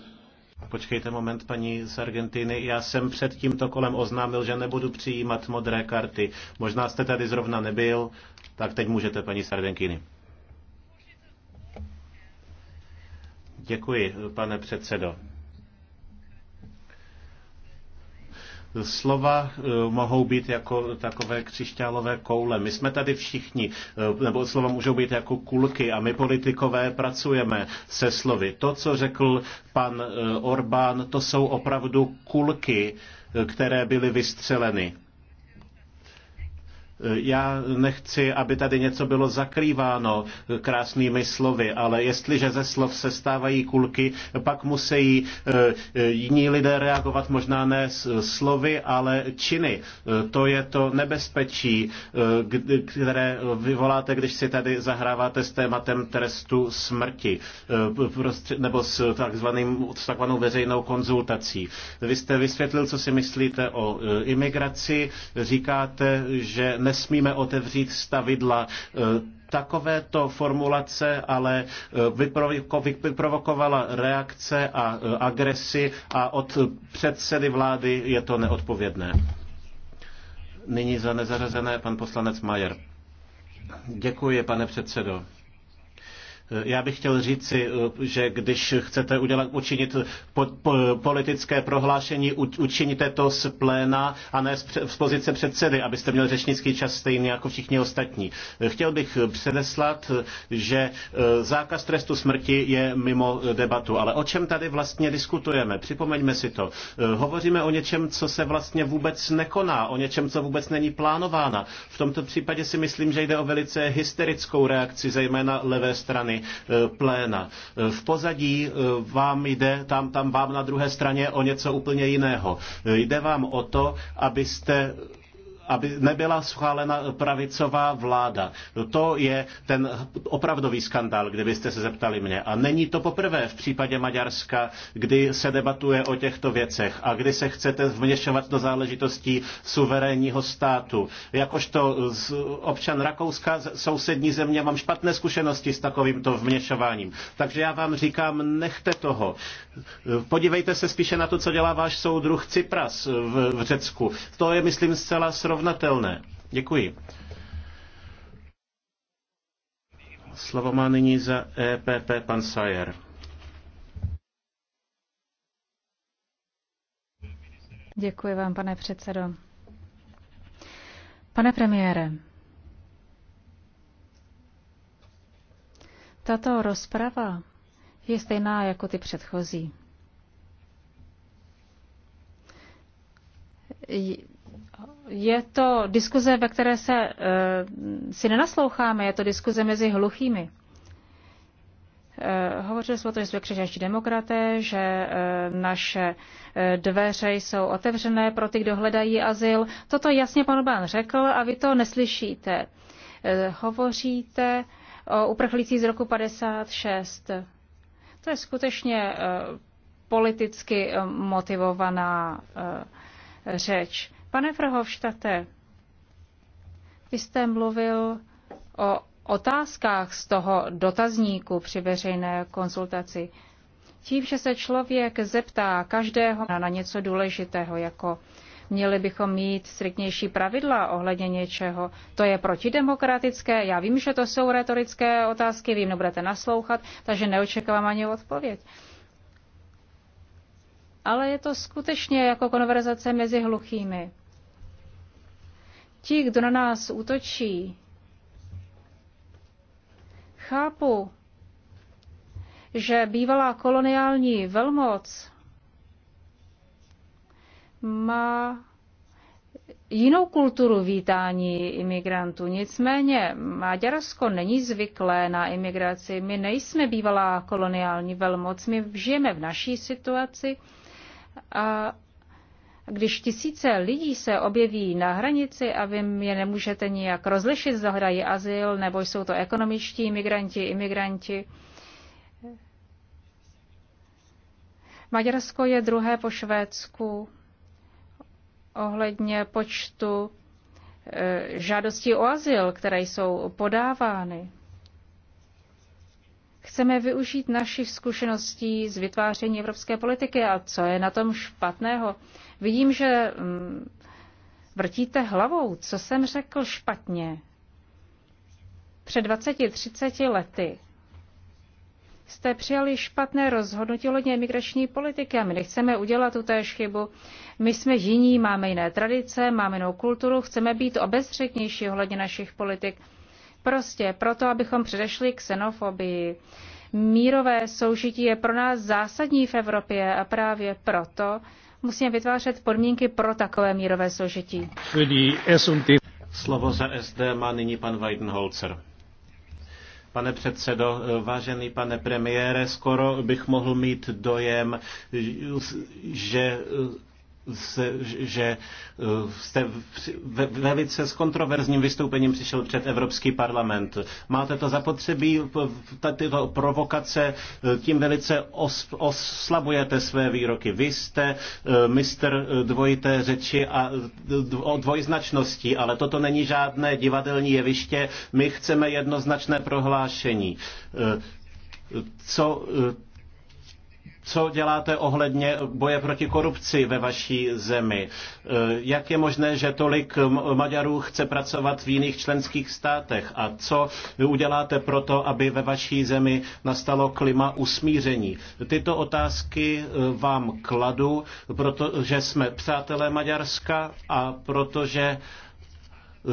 Počkejte moment, paní z Argentiny. Já jsem před tímto kolem oznámil, že nebudu přijímat modré karty. Možná jste tady zrovna nebyl, tak teď můžete, paní z Argentiny. Děkuji, pane předsedo. Slova eh, mohou být jako takové křišťálové koule. My jsme tady všichni, eh, nebo slova můžou být jako kulky a my politikové pracujeme se slovy. To, co řekl pan eh, Orbán, to jsou opravdu kulky, které byly vystřeleny. Já nechci, aby tady něco bylo zakrýváno krásnými slovy, ale jestliže ze slov se stávají kulky, pak musí eh, jiní lidé reagovat možná ne slovy, ale činy. Eh, to je to nebezpečí, eh, které vyvoláte, když si tady zahráváte s tématem trestu smrti nebo s, takzvaným, s takzvanou veřejnou konzultací. Vy jste vysvětlil, co si myslíte o imigraci, říkáte, že nesmíme otevřít stavidla. E, takovéto formulace ale e, vyprovokovala reakce a e, agresi a od předsedy vlády je to neodpovědné. Nyní za nezařazené pan poslanec Majer. Děkuji, pane předsedo. Já bych chtěl říci, eh, že když chcete udělat, učinit po, po, politické prohlášení, u, učiníte to z pléna a ne z, z pozice předsedy, abyste měl řečnický čas stejný jako všichni ostatní. Eh, chtěl bych eh, předeslat, že zákaz trestu smrti je mimo debatu. Ale o čem tady vlastně diskutujeme? Připomeňme si to. Hovoříme o něčem, co se vlastně vůbec nekoná, o něčem, co vůbec není plánována. V tomto případě si myslím, že jde o velice hysterickou reakci, zejména levé strany Eh, pléna. Eh, v pozadí eh, vám jde, tam, tam vám na druhé straně o něco úplně jiného. Jde vám o to, abyste aby nebyla schválena pravicová vláda. To je ten opravdový skandál, kdybyste se zeptali mě. A není to poprvé v případě Maďarska, kdy se debatuje o těchto věcech a kdy se chcete vměšovat do záležitostí suverénního státu. Jakožto občan Rakouska, sousední země, mám špatné zkušenosti s takovýmto vměšováním. Takže já vám říkám, nechte toho. Podívejte se spíše na to, co dělá váš soudruh Cypras v, v Řecku. To je, myslím, zcela srovnatelné srovnatelné. Děkuji. Slovo má nyní za EPP pan Sayer. Děkuji vám, pane předsedo. Pane premiére, tato rozprava je stejná jako ty předchozí je to diskuze, ve které se uh, si nenasloucháme, je to diskuze mezi hluchými. Uh, hovořili jsme o tom, že jsme křesťanští demokraté, že uh, naše uh, dveře jsou otevřené pro ty, kdo hledají azyl. Toto jasně pan Orbán řekl a vy to neslyšíte. Uh, hovoříte o uprchlících z roku 56. To je skutečně uh, politicky motivovaná uh, řeč Pane Frhovštate, vy jste mluvil o otázkách z toho dotazníku při veřejné konzultaci. Tím, že se člověk zeptá každého na něco důležitého, jako měli bychom mít striktnější pravidla ohledně něčeho, to je protidemokratické, já vím, že to jsou retorické otázky, vím, nebudete naslouchat, takže neočekávám ani odpověď. Ale je to skutečně jako konverzace mezi hluchými. Ti, kdo na nás útočí, chápu, že bývalá koloniální velmoc má jinou kulturu vítání imigrantů. Nicméně Maďarsko není zvyklé na imigraci. My nejsme bývalá koloniální velmoc, my žijeme v naší situaci a když tisíce lidí se objeví na hranici a vy je nemůžete nijak rozlišit, zahrají azyl, nebo jsou to ekonomičtí imigranti, imigranti, Maďarsko je druhé po Švédsku ohledně počtu e, žádostí o azyl, které jsou podávány. Chceme využít našich zkušeností z vytváření evropské politiky a co je na tom špatného? Vidím, že mm, vrtíte hlavou, co jsem řekl špatně. Před 20-30 lety jste přijali špatné rozhodnutí hodně migrační politiky a my nechceme udělat tu též chybu. My jsme jiní, máme jiné tradice, máme jinou kulturu, chceme být obezřetnější ohledně našich politik. Prostě proto, abychom předešli xenofobii. Mírové soužití je pro nás zásadní v Evropě a právě proto musíme vytvářet podmínky pro takové mírové soužití. Slovo za SD má nyní pan Weidenholzer. Pane předsedo, vážený pane premiére, skoro bych mohl mít dojem, že se, že eh, jste velice s kontroverzním vystoupením přišel před Evropský parlament. Máte to zapotřebí, eh, tyto provokace, eh, tím velice os, oslabujete své výroky. Vy jste mistr dvojité řeči a dvojznačnosti, ale toto není žádné divadelní jeviště. My chceme jednoznačné prohlášení. Co co děláte ohledně boje proti korupci ve vaší zemi? Eh, jak je možné, že tolik Maďarů chce pracovat v jiných členských státech? A co uděláte pro to, aby ve vaší zemi nastalo klima usmíření? Tyto otázky eh, vám kladu, protože jsme přátelé Maďarska a protože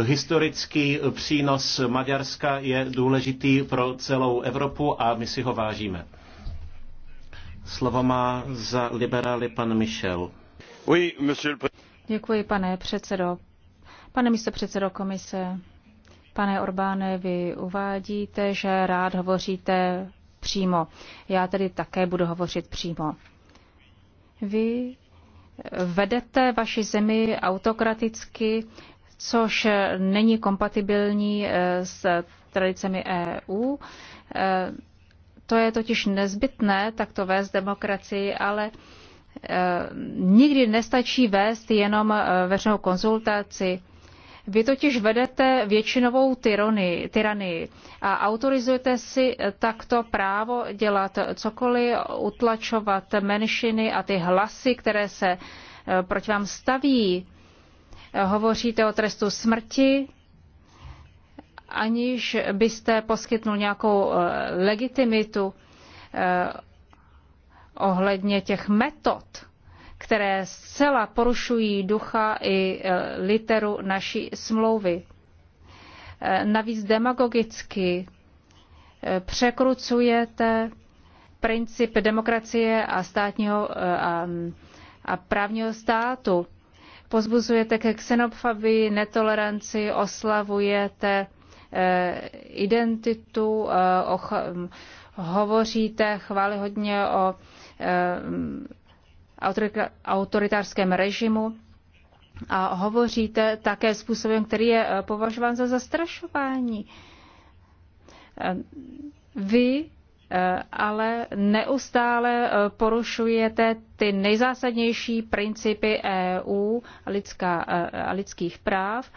historický přínos Maďarska je důležitý pro celou Evropu a my si ho vážíme. Slovo má za liberály pan Michel. Děkuji, pane předsedo. Pane místopředsedo komise, pane Orbáne, vy uvádíte, že rád hovoříte přímo. Já tedy také budu hovořit přímo. Vy vedete vaši zemi autokraticky, což není kompatibilní eh, s tradicemi EU. Eh, to je totiž nezbytné takto vést demokracii, ale eh, nikdy nestačí vést jenom eh, veřejnou konzultaci. Vy totiž vedete většinovou tyranii, tyranii a autorizujete si eh, takto právo dělat cokoliv, utlačovat menšiny a ty hlasy, které se proti vám staví. Hovoříte o trestu smrti, aniž byste poskytnul nějakou eh, legitimitu eh, ohledně těch metod, které zcela porušují ducha i eh, literu naší smlouvy. Navíc demagogicky překrucujete princip demokracie a státního a, a právního státu. Pozbuzujete ke xenofobii, netoleranci, oslavujete Eh, identitu, eh, hm, Hovoříte, hovoříte chválihodně o eh, autoritářském režimu a hovoříte také způsobem, který je považován za zastrašování. Vy ale neustále porušujete ty nejzásadnější principy EU a, lidská, a lidských práv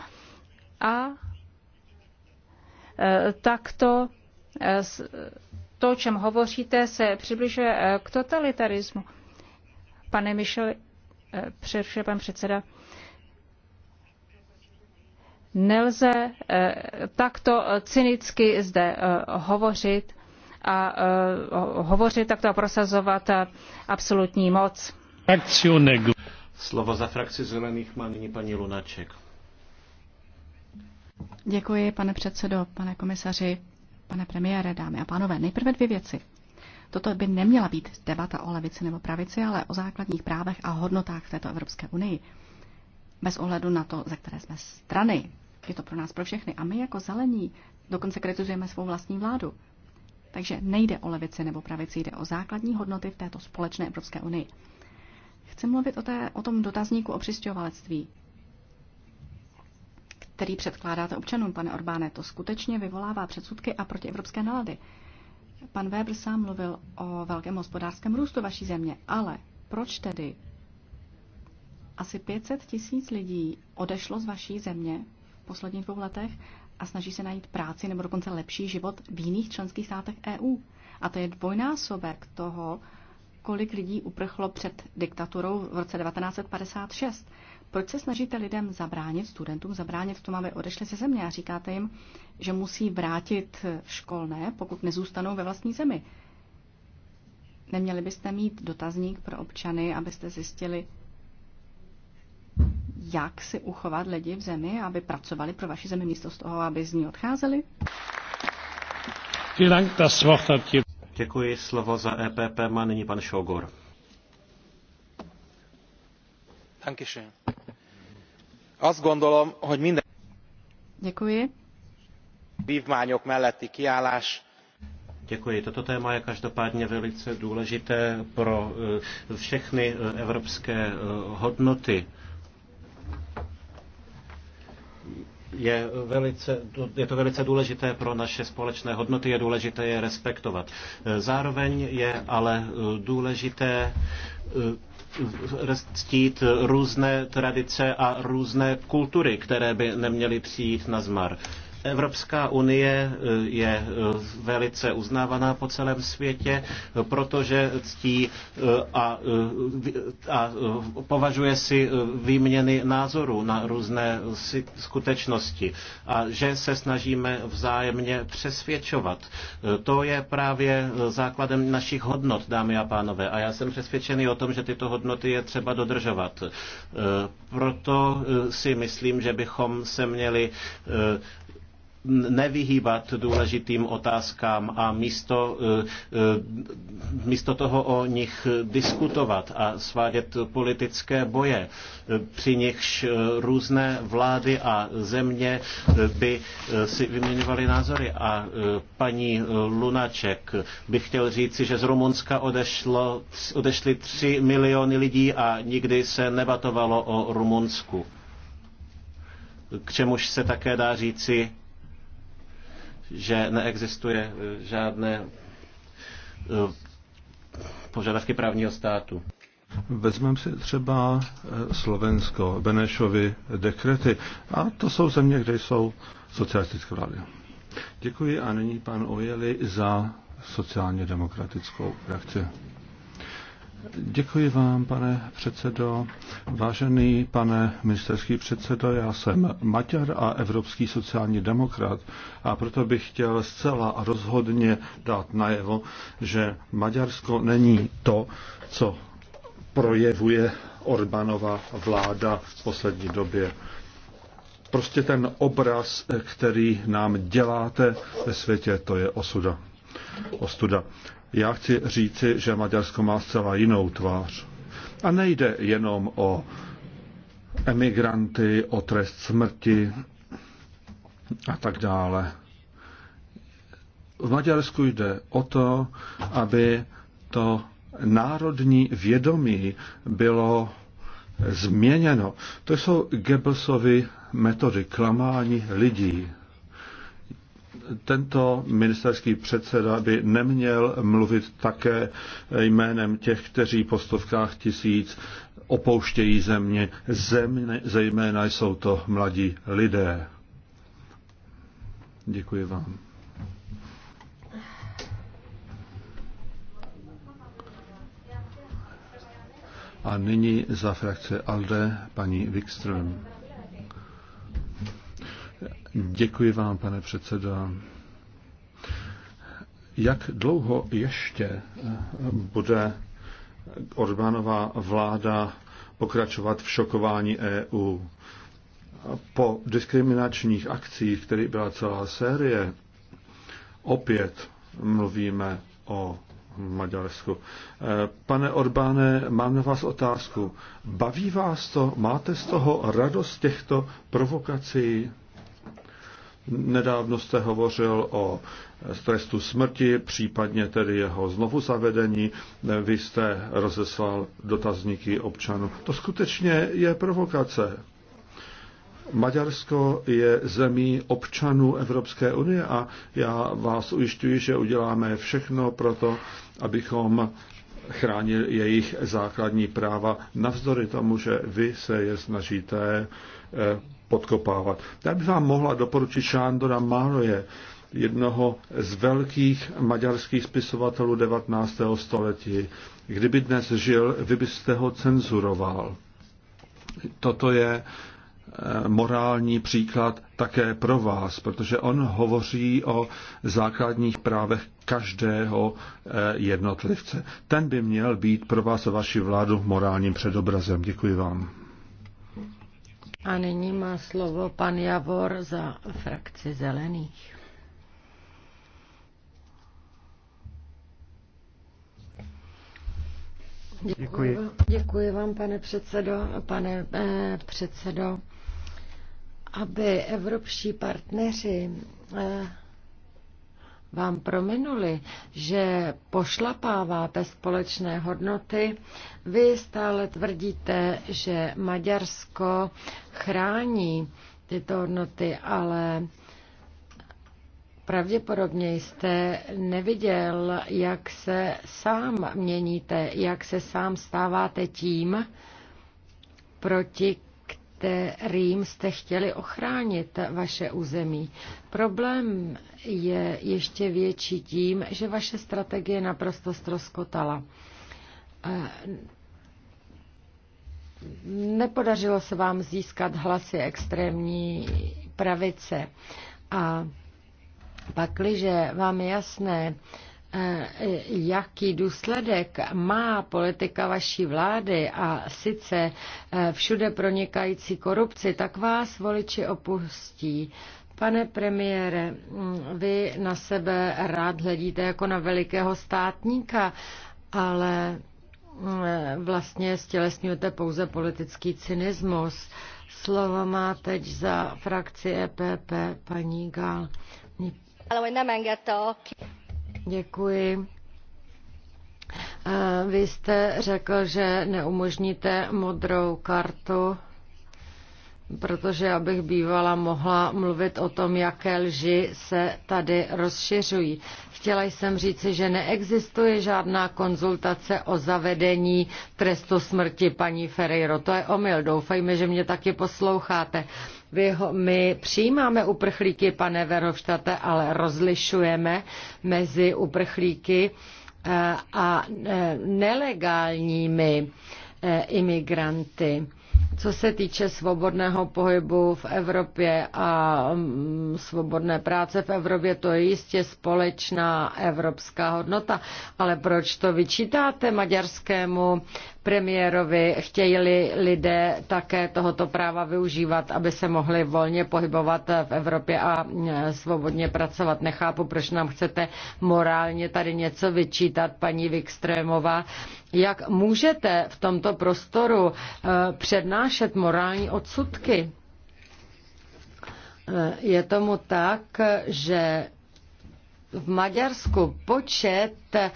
a Eh, takto eh, to, o čem hovoříte, se přibližuje eh, k totalitarismu. Pane Michel, přerušuje pan předseda, nelze takto cynicky zde hovořit a hovořit takto a prosazovat absolutní moc. Slovo za frakci zelených má nyní paní Lunaček. Děkuji, pane předsedo, pane komisaři, pane premiére, dámy a pánové. Nejprve dvě věci. Toto by neměla být debata o levici nebo pravici, ale o základních právech a hodnotách v této Evropské unii. Bez ohledu na to, ze které jsme strany, je to pro nás pro všechny. A my jako zelení dokonce kritizujeme svou vlastní vládu. Takže nejde o levici nebo pravici, jde o základní hodnoty v této společné Evropské unii. Chci mluvit o, té, o tom dotazníku o přistěhovalectví který předkládáte občanům, pane Orbáne, to skutečně vyvolává předsudky a protievropské nálady. Pan Weber sám mluvil o velkém hospodářském růstu vaší země, ale proč tedy asi 500 tisíc lidí odešlo z vaší země v posledních dvou letech a snaží se najít práci nebo dokonce lepší život v jiných členských státech EU. A to je dvojnásobek toho, kolik lidí uprchlo před diktaturou v roce 1956. Proč se snažíte lidem zabránit, studentům zabránit v tom, aby odešli ze země a říkáte jim, že musí vrátit školné, pokud nezůstanou ve vlastní zemi? Neměli byste mít dotazník pro občany, abyste zjistili, jak si uchovat lidi v zemi, aby pracovali pro vaši zemi místo z toho, aby z ní odcházeli? Děkuji. Slovo za EPP má nyní pan Šogor. Dankeschön azt gondolom hogy minden vvmányok melletti kiállás důležité pro eh, všechny eh, evropské eh, hodnoty. je, velice, je to velice důležité pro naše společné hodnoty, je důležité je respektovat. Zároveň je ale eh, důležité eh, ctít různé tradice a různé kultury, které by neměly přijít na zmar. Evropská unie eh, je eh, velice uznávaná po celém světě, eh, protože ctí a, a považuje si výměny názorů na různé skutečnosti a že se snažíme vzájemně přesvědčovat. To je právě základem našich hodnot, dámy a pánové, a já jsem přesvědčený o tom, že tyto hodnoty je třeba dodržovat. Proto si myslím, že bychom se měli nevyhýbat důležitým otázkám a místo, eh, eh, místo toho o nich diskutovat a svádět politické boje, eh, při nichž různé vlády a země by si vyměňovaly názory. A paní Lunaček bych chtěl říci, že z Rumunska odešlo, odešly tři miliony lidí a nikdy se nebatovalo o Rumunsku. K čemuž se také dá říci že neexistuje eh, žádné eh, požadavky právního státu. Vezmeme si třeba eh, Slovensko, Benešovi dekrety. A to jsou země, kde jsou socialistické vlády. Děkuji a nyní pan Ojeli za sociálně demokratickou frakci. Děkuji vám, pane předsedo. Vážený pane ministerský předsedo, já jsem Maďar a evropský sociální demokrat a proto bych chtěl zcela a rozhodně dát najevo, že Maďarsko není to, co projevuje Orbánova vláda v poslední době. Prostě ten obraz, který nám děláte ve světě, to je osuda. Ostuda. Já chci říci, že Maďarsko má zcela jinou tvář. A nejde jenom o emigranty, o trest smrti a tak dále. V Maďarsku jde o to, aby to národní vědomí bylo změněno. To jsou Goebbelsovy metody klamání lidí tento ministerský předseda by neměl mluvit také jménem těch, kteří po stovkách tisíc opouštějí země, země zejména jsou to mladí lidé. Děkuji vám. A nyní za frakce ALDE paní Wikström. Děkuji vám, pane předsedo. Jak dlouho ještě eh, bude Orbánová vláda pokračovat v šokování EU? Po diskriminačních akcích, které byla celá série, opět mluvíme o Maďarsku. Eh, pane Orbáne, mám na vás otázku. Baví vás to? Máte z toho radost těchto provokací? Nedávno jste hovořil o trestu smrti, případně tedy jeho znovu zavedení. Vy jste rozeslal dotazníky občanů. To skutečně je provokace. Maďarsko je zemí občanů Evropské unie a já vás ujišťuji, že uděláme všechno pro to, abychom chránil jejich základní práva, navzdory tomu, že vy se je snažíte eh, podkopávat. Já bych vám mohla doporučit Šándora Mároje, jednoho z velkých maďarských spisovatelů 19. století. Kdyby dnes žil, vy byste ho cenzuroval. Toto je eh, morální příklad také pro vás, protože on hovoří o základních právech každého eh, jednotlivce. Ten by měl být pro vás a vaši vládu morálním předobrazem. Děkuji vám. A nyní má slovo pan Javor za frakci zelených. Děkuji. Děkuji vám, pane předsedo, pane eh, předsedo, aby evropští partneři eh, vám prominuli, že pošlapáváte společné hodnoty, vy stále tvrdíte, že Maďarsko chrání tyto hodnoty, ale Pravděpodobně jste neviděl, jak se sám měníte, jak se sám stáváte tím, proti Rým, jste chtěli ochránit vaše území. Problém je ještě větší tím, že vaše strategie naprosto stroskotala. Eh, nepodařilo se vám získat hlasy extrémní pravice. A pakliže vám je jasné, Eh, jaký důsledek má politika vaší vlády a sice eh, všude pronikající korupci, tak vás voliči opustí. Pane premiére, hm, vy na sebe rád hledíte jako na velikého státníka, ale hm, vlastně stělesňujete pouze politický cynismus. Slovo má teď za frakci EPP paní Gál. Ale Děkuji. Eh, vy jste řekl, že neumožníte modrou kartu, protože abych bývala mohla mluvit o tom, jaké lži se tady rozšiřují. Chtěla jsem říci, že neexistuje žádná konzultace o zavedení trestu smrti paní Ferreiro. To je omyl. Doufejme, že mě taky posloucháte. Vy ho, my přijímáme uprchlíky, pane Verhofstadte, ale rozlišujeme mezi uprchlíky eh, a eh, nelegálními eh, imigranty. Co se týče svobodného pohybu v Evropě a mm, svobodné práce v Evropě, to je jistě společná evropská hodnota. Ale proč to vyčítáte maďarskému premiérovi chtějí lidé také tohoto práva využívat, aby se mohli volně pohybovat v Evropě a e, svobodně pracovat. Nechápu, proč nám chcete morálně tady něco vyčítat, paní Vikstrémová. Jak můžete v tomto prostoru e, přednášet morální odsudky? E, je tomu tak, že v Maďarsku počet eh,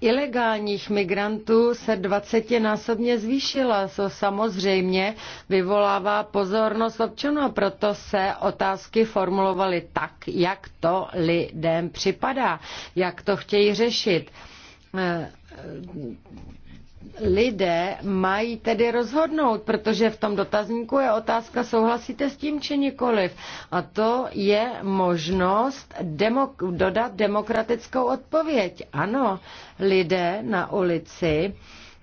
ilegálních migrantů se 20 násobně zvýšila, co samozřejmě vyvolává pozornost občanů a proto se otázky formulovaly tak, jak to lidem připadá, jak to chtějí řešit eh, lidé mají tedy rozhodnout, protože v tom dotazníku je otázka, souhlasíte s tím či nikoliv. A to je možnost demo- dodat demokratickou odpověď. Ano, lidé na ulici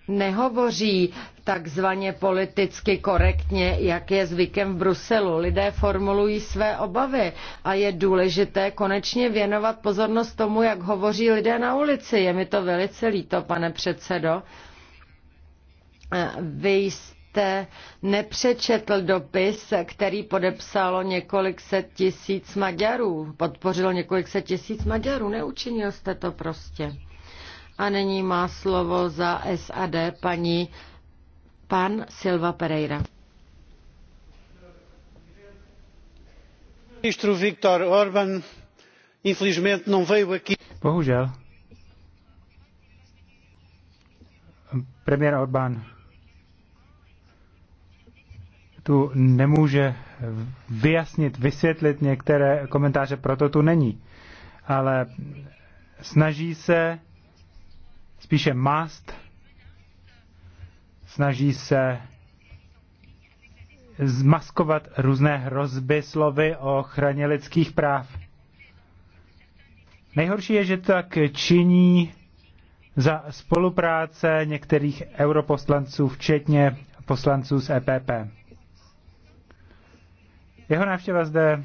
nehovoří takzvaně politicky korektně, jak je zvykem v Bruselu. Lidé formulují své obavy a je důležité konečně věnovat pozornost tomu, jak hovoří lidé na ulici. Je mi to velice líto, pane předsedo, vy jste nepřečetl dopis, který podepsalo několik set tisíc Maďarů. Podpořilo několik set tisíc Maďarů. Neučinil jste to prostě. A nyní má slovo za SAD paní pan Silva Pereira. Ministru Viktor Orbán infelizmente não veio aqui. Bohužel. Premiér Orbán tu nemůže vyjasnit, vysvětlit některé komentáře, proto tu není. Ale snaží se spíše mást, snaží se zmaskovat různé hrozby slovy o ochraně lidských práv. Nejhorší je, že tak činí za spolupráce některých europoslanců, včetně poslanců z EPP. Jeho návštěva zde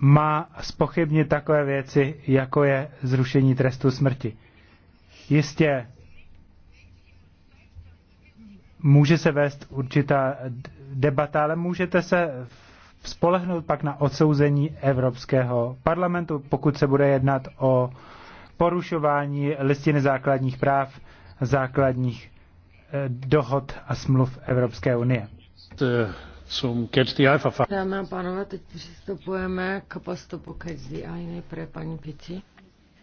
má spochybnit takové věci, jako je zrušení trestu smrti. Jistě může se vést určitá debata, ale můžete se spolehnout pak na odsouzení Evropského parlamentu, pokud se bude jednat o porušování listiny základních práv, základních eh, dohod a smluv Evropské unie. Eh, Dámy a pánové, teď přistupujeme k postupu Catch the Eye, nejprve paní Pici.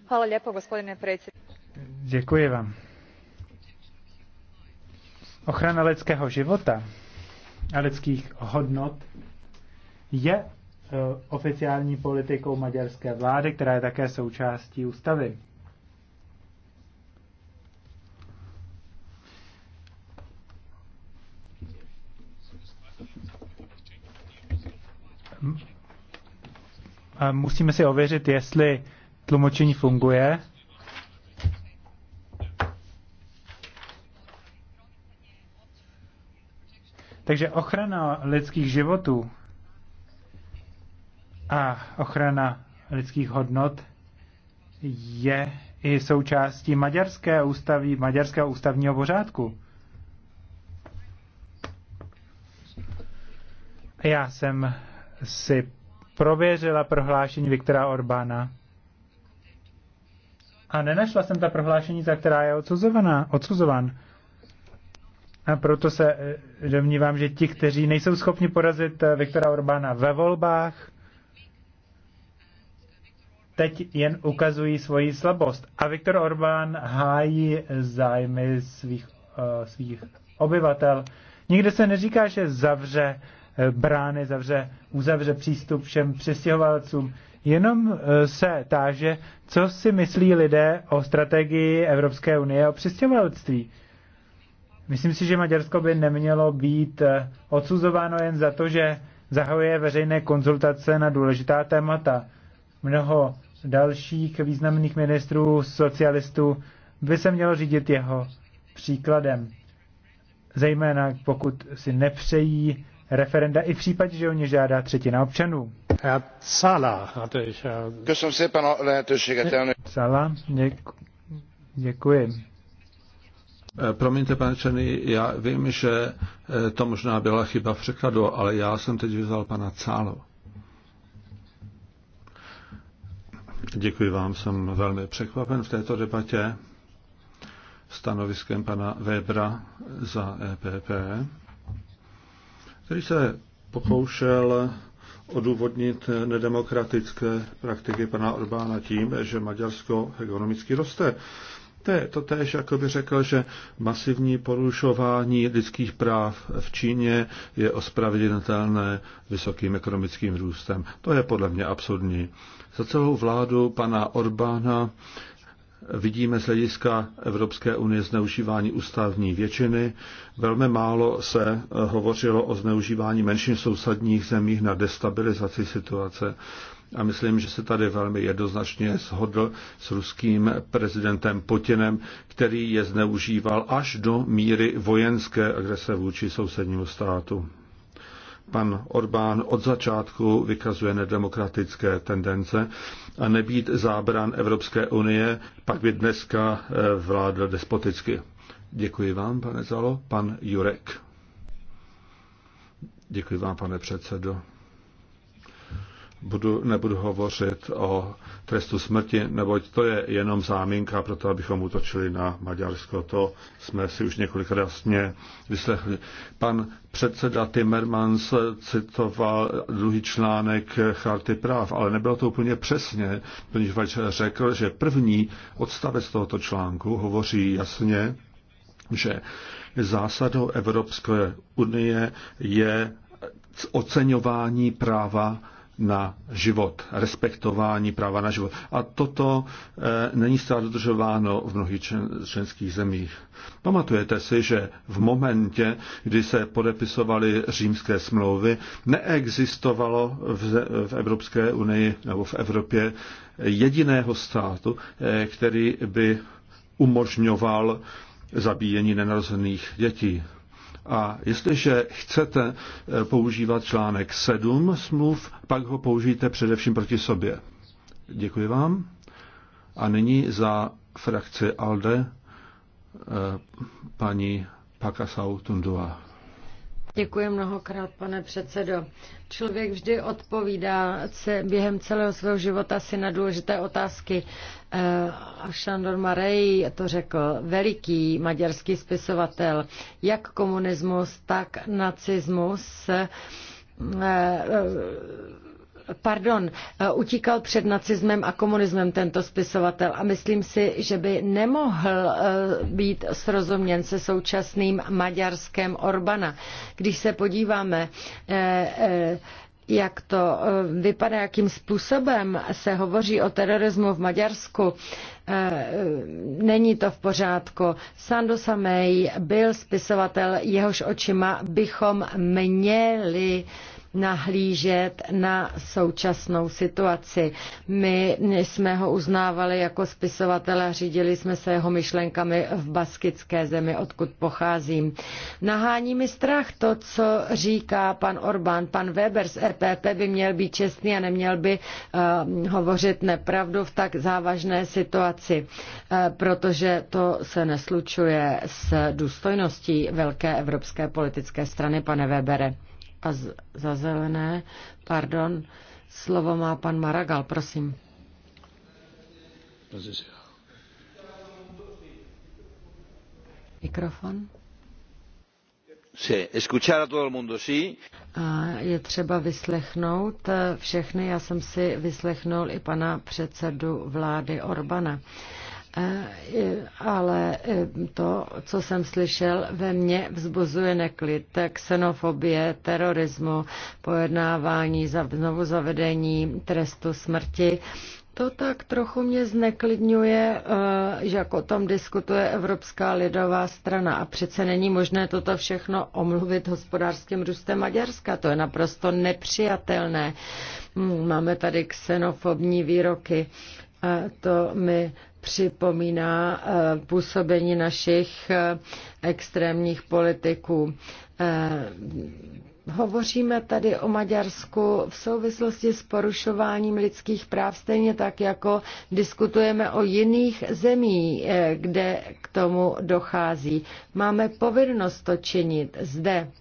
Hvala lijepo, gospodine predsjedniče. Děkuji vám. Ochrana lidského života a lidských hodnot je eh, oficiální politikou maďarské vlády, která je také součástí ústavy. musíme si ověřit, jestli tlumočení funguje. Takže ochrana lidských životů a ochrana lidských hodnot je i součástí maďarské ústavy, maďarského ústavního pořádku. Já jsem si prověřila prohlášení Viktora Orbána a nenašla jsem ta prohlášení, za která je odsuzovaná, odsuzován. A proto se eh, domnívám, že ti, kteří nejsou schopni porazit eh, Viktora Orbána ve volbách, teď jen ukazují svoji slabost. A Viktor Orbán hájí zájmy svých, uh, svých obyvatel. Nikde se neříká, že zavře Eh, brány, zavře, uzavře přístup všem přistěhovalcům. Jenom eh, se táže, co si myslí lidé o strategii Evropské unie o přistěhovalství. Myslím si, že Maďarsko by nemělo být eh, odsuzováno jen za to, že zahajuje veřejné konzultace na důležitá témata. Mnoho dalších významných ministrů socialistů by se mělo řídit jeho příkladem. Zejména pokud si nepřejí referenda i v případě, že o ně žádá třetina občanů. Sala, äh, děkuji. Eh, promiňte, pane Černý, já vím, že eh, to možná byla chyba v překladu, ale já jsem teď vyzval pana Cálo. Děkuji vám, jsem velmi překvapen v této debatě stanoviskem pana Webra za EPP který se pokoušel odůvodnit nedemokratické praktiky pana Orbána tím, že Maďarsko ekonomicky roste. To je to tež, jako by řekl, že masivní porušování lidských práv v Číně je ospravedlnitelné vysokým ekonomickým růstem. To je podle mě absurdní. Za celou vládu pana Orbána vidíme z hlediska Evropské unie zneužívání ústavní většiny. Velmi málo se eh, hovořilo o zneužívání menšin sousadních zemích na destabilizaci situace. A myslím, že se tady velmi jednoznačně shodl s ruským prezidentem Putinem, který je zneužíval až do míry vojenské agrese vůči sousednímu státu. Pan Orbán od začátku vykazuje nedemokratické tendence a nebýt zábran Evropské unie, pak by dneska eh, vládl despoticky. Děkuji vám, pane Zalo. Pan Jurek. Děkuji vám, pane předsedo budu, nebudu hovořit o trestu smrti, neboť to je jenom záminka pro to, abychom útočili na Maďarsko. To jsme si už několikrát jasně vyslechli. Pan předseda Timmermans citoval druhý článek Charty práv, ale nebylo to úplně přesně, poněvadž řekl, že první odstavec tohoto článku hovoří jasně, že zásadou Evropské unie je oceňování práva na život, respektování práva na život. A toto e, není stále dodržováno v mnohých členských zemích. Pamatujete si, že v momentě, kdy se podepisovaly římské smlouvy, neexistovalo v, v Evropské unii nebo v Evropě jediného státu, e, který by umožňoval zabíjení nenarozených dětí. A jestliže chcete eh, používat článek 7 smluv, pak ho použijte především proti sobě. Děkuji vám. A nyní za frakci ALDE eh, paní Pakasau Tundua. Děkuji mnohokrát, pane předsedo. Člověk vždy odpovídá se během celého svého života si na důležité otázky. Eh, A Šandor Marej to řekl, veliký maďarský spisovatel, jak komunismus, tak nacismus eh, eh, pardon, eh, utíkal před nacismem a komunismem tento spisovatel a myslím si, že by nemohl eh, být srozuměn se současným maďarském Orbana. Když se podíváme, eh, jak to vypadá, jakým způsobem se hovoří o terorismu v Maďarsku, není to v pořádku. Sando Samej byl spisovatel, jehož očima bychom měli nahlížet na současnou situaci. My jsme ho uznávali jako spisovatele a řídili jsme se jeho myšlenkami v baskické zemi, odkud pocházím. Nahání mi strach to, co říká pan Orbán. Pan Weber z EPP by měl být čestný a neměl by uh, hovořit nepravdu v tak závažné situaci, uh, protože to se neslučuje s důstojností velké evropské politické strany, pane Webere a za zelené, pardon, slovo má pan Maragal, prosím. Mikrofon. A je třeba vyslechnout eh, všechny. Já jsem si vyslechnul i pana předsedu vlády Orbana. E, ale e, to, co jsem slyšel, ve mně vzbuzuje neklid, xenofobie, terorismu, pojednávání, znovu zavedení trestu smrti. To tak trochu mě zneklidňuje, e, že jako o tom diskutuje Evropská lidová strana a přece není možné toto všechno omluvit hospodářským růstem Maďarska. To je naprosto nepřijatelné. Hm, máme tady xenofobní výroky. To mi připomíná eh, působení našich eh, extrémních politiků. Eh, hovoříme tady o Maďarsku v souvislosti s porušováním lidských práv, stejně tak jako diskutujeme o jiných zemí, kde k tomu dochází. Máme povinnost to činit zde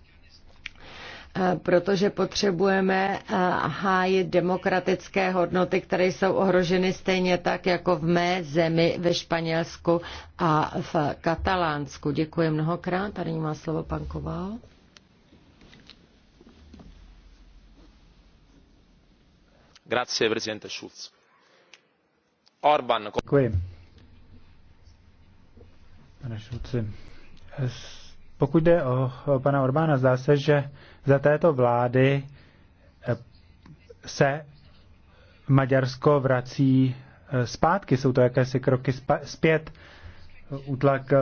Eh, protože potřebujeme eh, hájit demokratické hodnoty, které jsou ohroženy stejně tak, jako v mé zemi ve Španělsku a v Katalánsku. Děkuji mnohokrát. Tady má slovo pan Koval. Grazie, prezidente Schulz. Orbán. Děkuji. Pane Schulz, pokud jde o pana Orbána, zdá se, že za této vlády eh, se Maďarsko vrací eh, zpátky. Jsou to jakési kroky zpět, útlak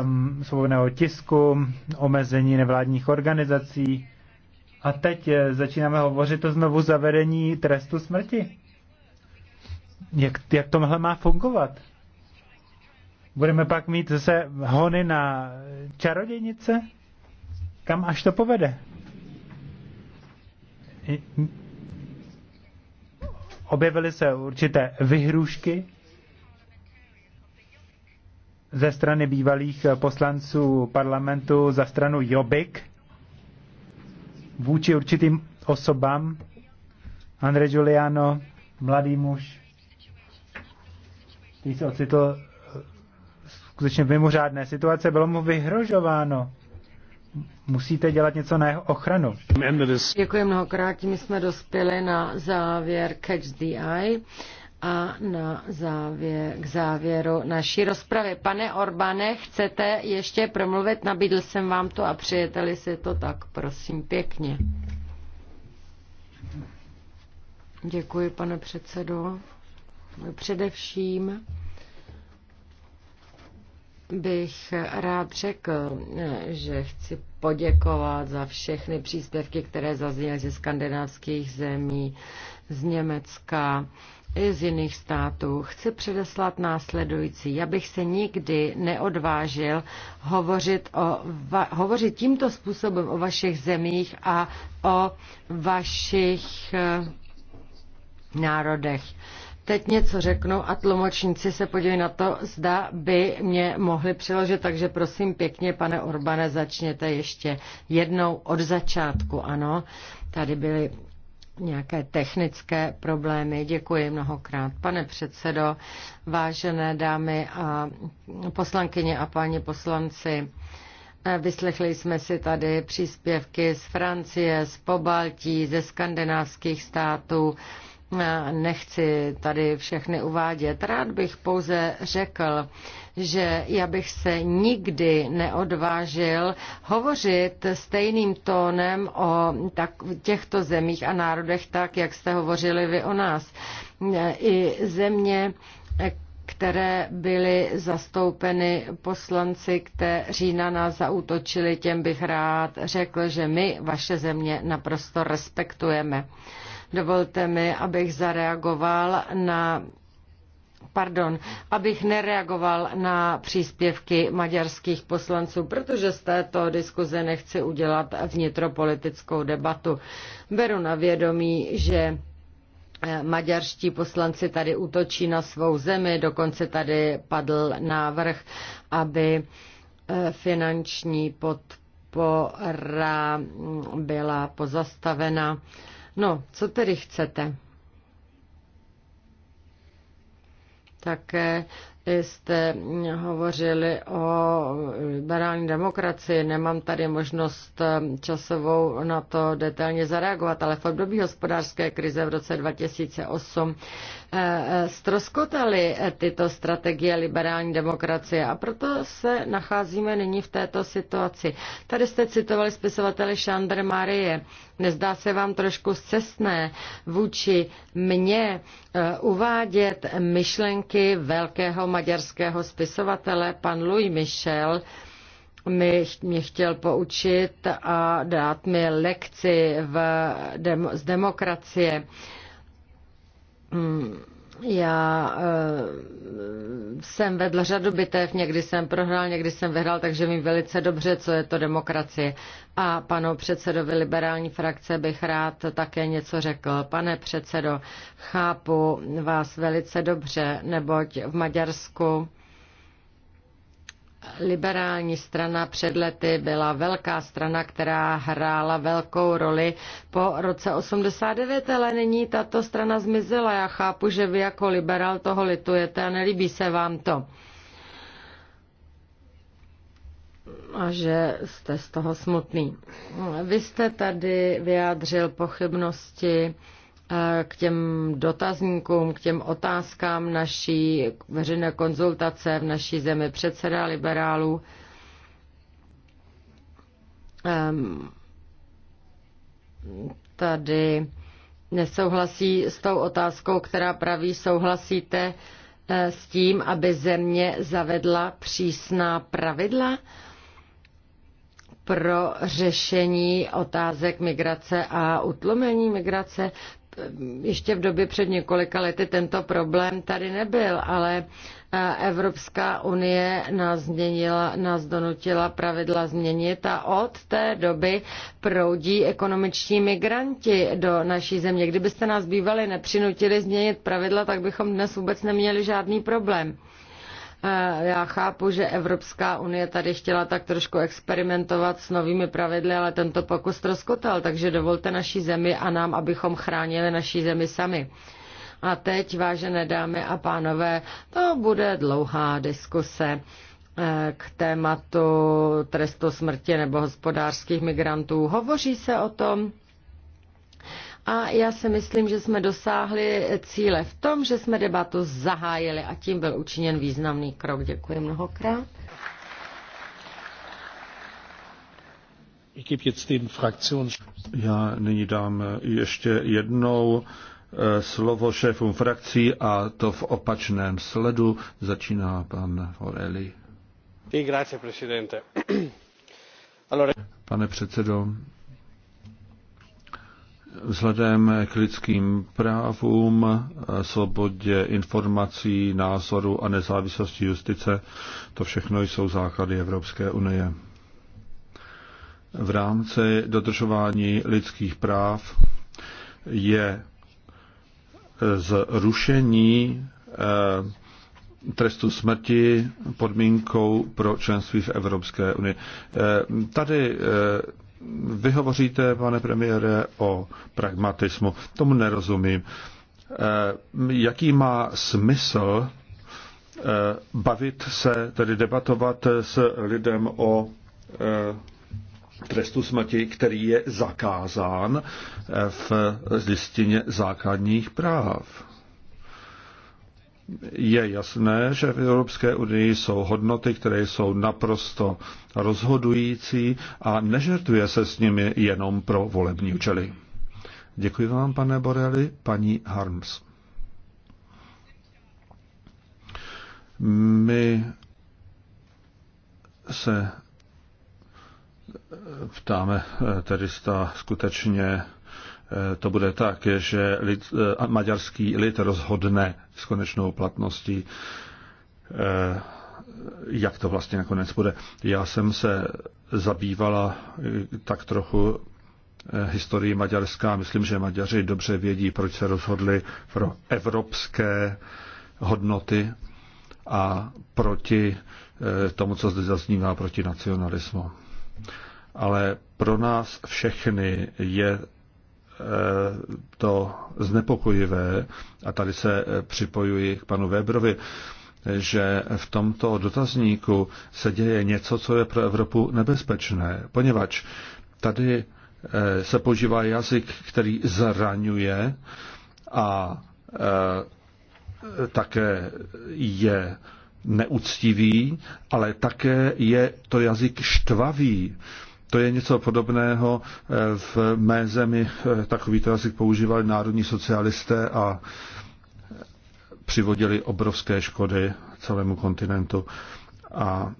svobodného tisku, omezení nevládních organizací. A teď eh, začínáme hovořit o znovu zavedení trestu smrti. Jak, jak tohle má fungovat? Budeme pak mít zase hony na čarodějnice? Kam až to povede? objevily se určité vyhrušky ze strany bývalých poslanců parlamentu za stranu Jobik. vůči určitým osobám. Andre Giuliano, mladý muž, který se ocitl eh, skutečně v mimořádné situace, bylo mu vyhrožováno musíte dělat něco na jeho ochranu. Děkuji mnohokrát, my jsme dospěli na závěr Catch the Eye a na závěr, k závěru naší rozpravy. Pane Orbane, chcete ještě promluvit? Nabídl jsem vám to a přijeteli si to tak, prosím, pěkně. Děkuji, pane předsedo. Především bych rád řekl, že chci poděkovat za všechny příspěvky, které zazněly ze skandinávských zemí, z Německa i z jiných států. Chci předeslat následující. Já bych se nikdy neodvážil hovořit, o va- hovořit tímto způsobem o vašich zemích a o vašich eh, národech. Teď něco řeknu a tlumočníci se podívají na to, zda by mě mohli přiložit. takže prosím pěkně, pane Orbane, začněte ještě jednou od začátku, ano. Tady byly nějaké technické problémy. Děkuji mnohokrát, pane předsedo, vážené dámy a poslankyně a páni poslanci. Eh, vyslechli jsme si tady příspěvky z Francie, z Pobaltí, ze skandinávských států. Nechci tady všechny uvádět. Rád bych pouze řekl, že já bych se nikdy neodvážil hovořit stejným tónem o tak, těchto zemích a národech tak, jak jste hovořili vy o nás. I země, které byly zastoupeny poslanci, kteří na nás zautočili, těm bych rád řekl, že my vaše země naprosto respektujeme. Dovolte mi, abych zareagoval na pardon, abych nereagoval na příspěvky maďarských poslanců, protože z této diskuze nechci udělat vnitropolitickou debatu. Beru na vědomí, že eh, maďarští poslanci tady útočí na svou zemi, dokonce tady padl návrh, aby eh, finanční podpora mm, byla pozastavena No, co tedy chcete? Také eh, jste hovořili o liberální demokracii. Nemám tady možnost eh, časovou na to detailně zareagovat, ale v období hospodářské krize v roce 2008 Eh, eh, ztroskotaly eh, tyto strategie liberální demokracie a proto se nacházíme nyní v této situaci. Tady jste citovali spisovatele Chandra Marie. Nezdá se vám trošku cestné vůči mně uvádět myšlenky velkého maďarského spisovatele, pan Louis Michel, mě chtěl poučit a dát mi lekci v, z demokracie. Mm, já eh, jsem vedl řadu bitev, někdy jsem prohrál, někdy jsem vyhrál, takže vím velice dobře, co je to demokracie. A panu předsedovi liberální frakce bych rád také něco řekl. Pane předsedo, chápu vás velice dobře, neboť v Maďarsku Liberální strana před lety byla velká strana, která hrála velkou roli po roce 89, ale nyní tato strana zmizela. Já chápu, že vy jako liberál toho litujete a nelíbí se vám to. a že jste z toho smutný. Vy jste tady vyjádřil pochybnosti k těm dotazníkům, k těm otázkám naší veřejné konzultace v naší zemi předseda liberálů ehm, tady nesouhlasí s tou otázkou, která praví, souhlasíte e, s tím, aby země zavedla přísná pravidla pro řešení otázek migrace a utlumení migrace ještě v době před několika lety tento problém tady nebyl, ale eh, Evropská unie nás, změnila, nás donutila pravidla změnit a od té doby proudí ekonomiční migranti do naší země. Kdybyste nás bývali nepřinutili změnit pravidla, tak bychom dnes vůbec neměli žádný problém. Já chápu, že Evropská unie tady chtěla tak trošku experimentovat s novými pravidly, ale tento pokus troskotal, takže dovolte naší zemi a nám, abychom chránili naší zemi sami. A teď, vážené dámy a pánové, to bude dlouhá diskuse eh, k tématu trestu smrti nebo hospodářských migrantů. Hovoří se o tom, a já si myslím, že jsme dosáhli cíle v tom, že jsme debatu zahájili a tím byl učiněn významný krok. Děkuji mnohokrát. Já nyní dám ještě jednou eh, slovo šéfům frakcí a to v opačném sledu začíná pan Orelli. Pane předsedo, vzhledem k lidským právům, svobodě informací, názoru a nezávislosti justice, to všechno jsou základy Evropské unie. V rámci dodržování lidských práv je zrušení eh, trestu smrti podmínkou pro členství v Evropské unii. Eh, tady eh, vy hovoříte, pane premiére, o pragmatismu. Tomu nerozumím. Eh, jaký má smysl eh, bavit se, tedy debatovat s lidem o eh, trestu smrti, který je zakázán v listině základních práv? je jasné, že v Evropské unii jsou hodnoty, které jsou naprosto rozhodující a nežertuje se s nimi jenom pro volební účely. Děkuji vám, pane Borelli, paní Harms. My se ptáme eh, tedy, sta skutečně Eh, to bude tak, že lid, eh, maďarský lid rozhodne s konečnou platností, eh, jak to vlastně nakonec bude. Já jsem se zabývala tak trochu historii maďarská. Myslím, že Maďaři dobře vědí, proč se rozhodli pro evropské hodnoty a proti tomu, co zde zaznívá, proti nacionalismu. Ale pro nás všechny je to znepokojivé, a tady se připojuji k panu Weberovi, že v tomto dotazníku se děje něco, co je pro Evropu nebezpečné, poněvadž tady eh, se používá jazyk, který zraňuje a eh, také je neúctivý, ale také je to jazyk štvavý. To je něco podobného. Eh, v mé zemi eh, takovýto jazyk používali národní socialisté a přivodili obrovské škody celému kontinentu. A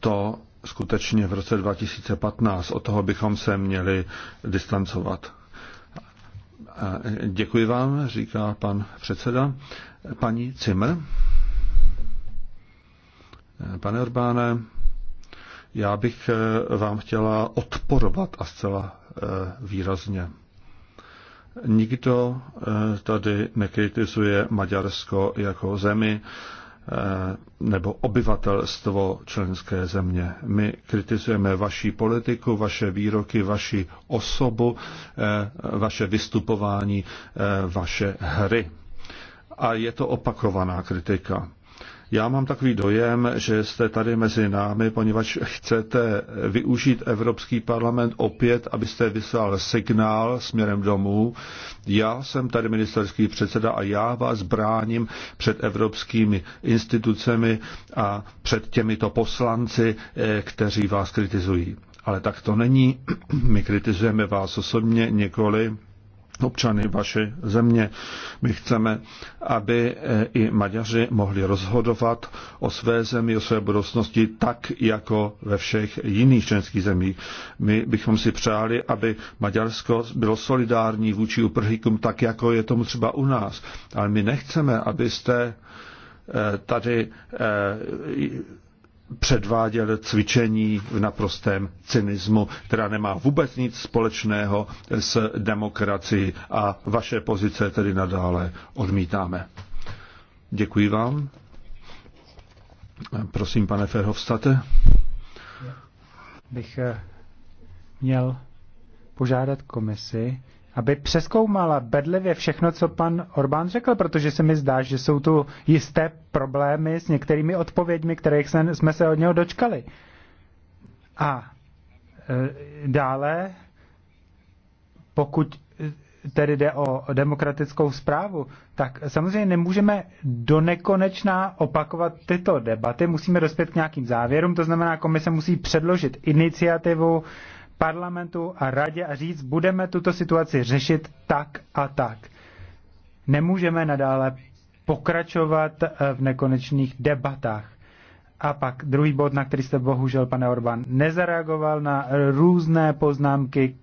to skutečně v roce 2015. Od toho bychom se měli distancovat. Eh, děkuji vám, říká pan předseda. Paní Cimr. Pane Orbáne, já bych eh, vám chtěla odporovat a zcela eh, výrazně. Nikdo eh, tady nekritizuje Maďarsko jako zemi nebo obyvatelstvo členské země. My kritizujeme vaši politiku, vaše výroky, vaši osobu, vaše vystupování, vaše hry. A je to opakovaná kritika. Já mám takový dojem, že jste tady mezi námi, poněvadž chcete využít Evropský parlament opět, abyste vyslal signál směrem domů. Já jsem tady ministerský předseda a já vás bráním před evropskými institucemi a před těmito poslanci, eh, kteří vás kritizují. Ale tak to není. My kritizujeme vás osobně, nikoli občany vaše země. My chceme, aby eh, i Maďaři mohli rozhodovat o své zemi, o své budoucnosti tak, jako ve všech jiných členských zemích. My bychom si přáli, aby Maďarsko bylo solidární vůči uprchlíkům, tak, jako je tomu třeba u nás. Ale my nechceme, abyste eh, tady eh, předváděl cvičení v naprostém cynismu, která nemá vůbec nic společného s demokracií a vaše pozice tedy nadále odmítáme. Děkuji vám. Prosím, pane Ferhovstate. Bych eh, měl požádat komisi, aby přeskoumala bedlivě všechno, co pan Orbán řekl, protože se mi zdá, že jsou tu jisté problémy s některými odpověďmi, které jsme se od něho dočkali. A e, dále, pokud e, tedy jde o demokratickou zprávu, tak samozřejmě nemůžeme do nekonečná opakovat tyto debaty, musíme dospět k nějakým závěrům, to znamená, komise musí předložit iniciativu, parlamentu a radě a říct, budeme tuto situaci řešit tak a tak. Nemůžeme nadále pokračovat eh, v nekonečných debatách. A pak druhý bod, na který jste bohužel, pane Orbán, nezareagoval na různé poznámky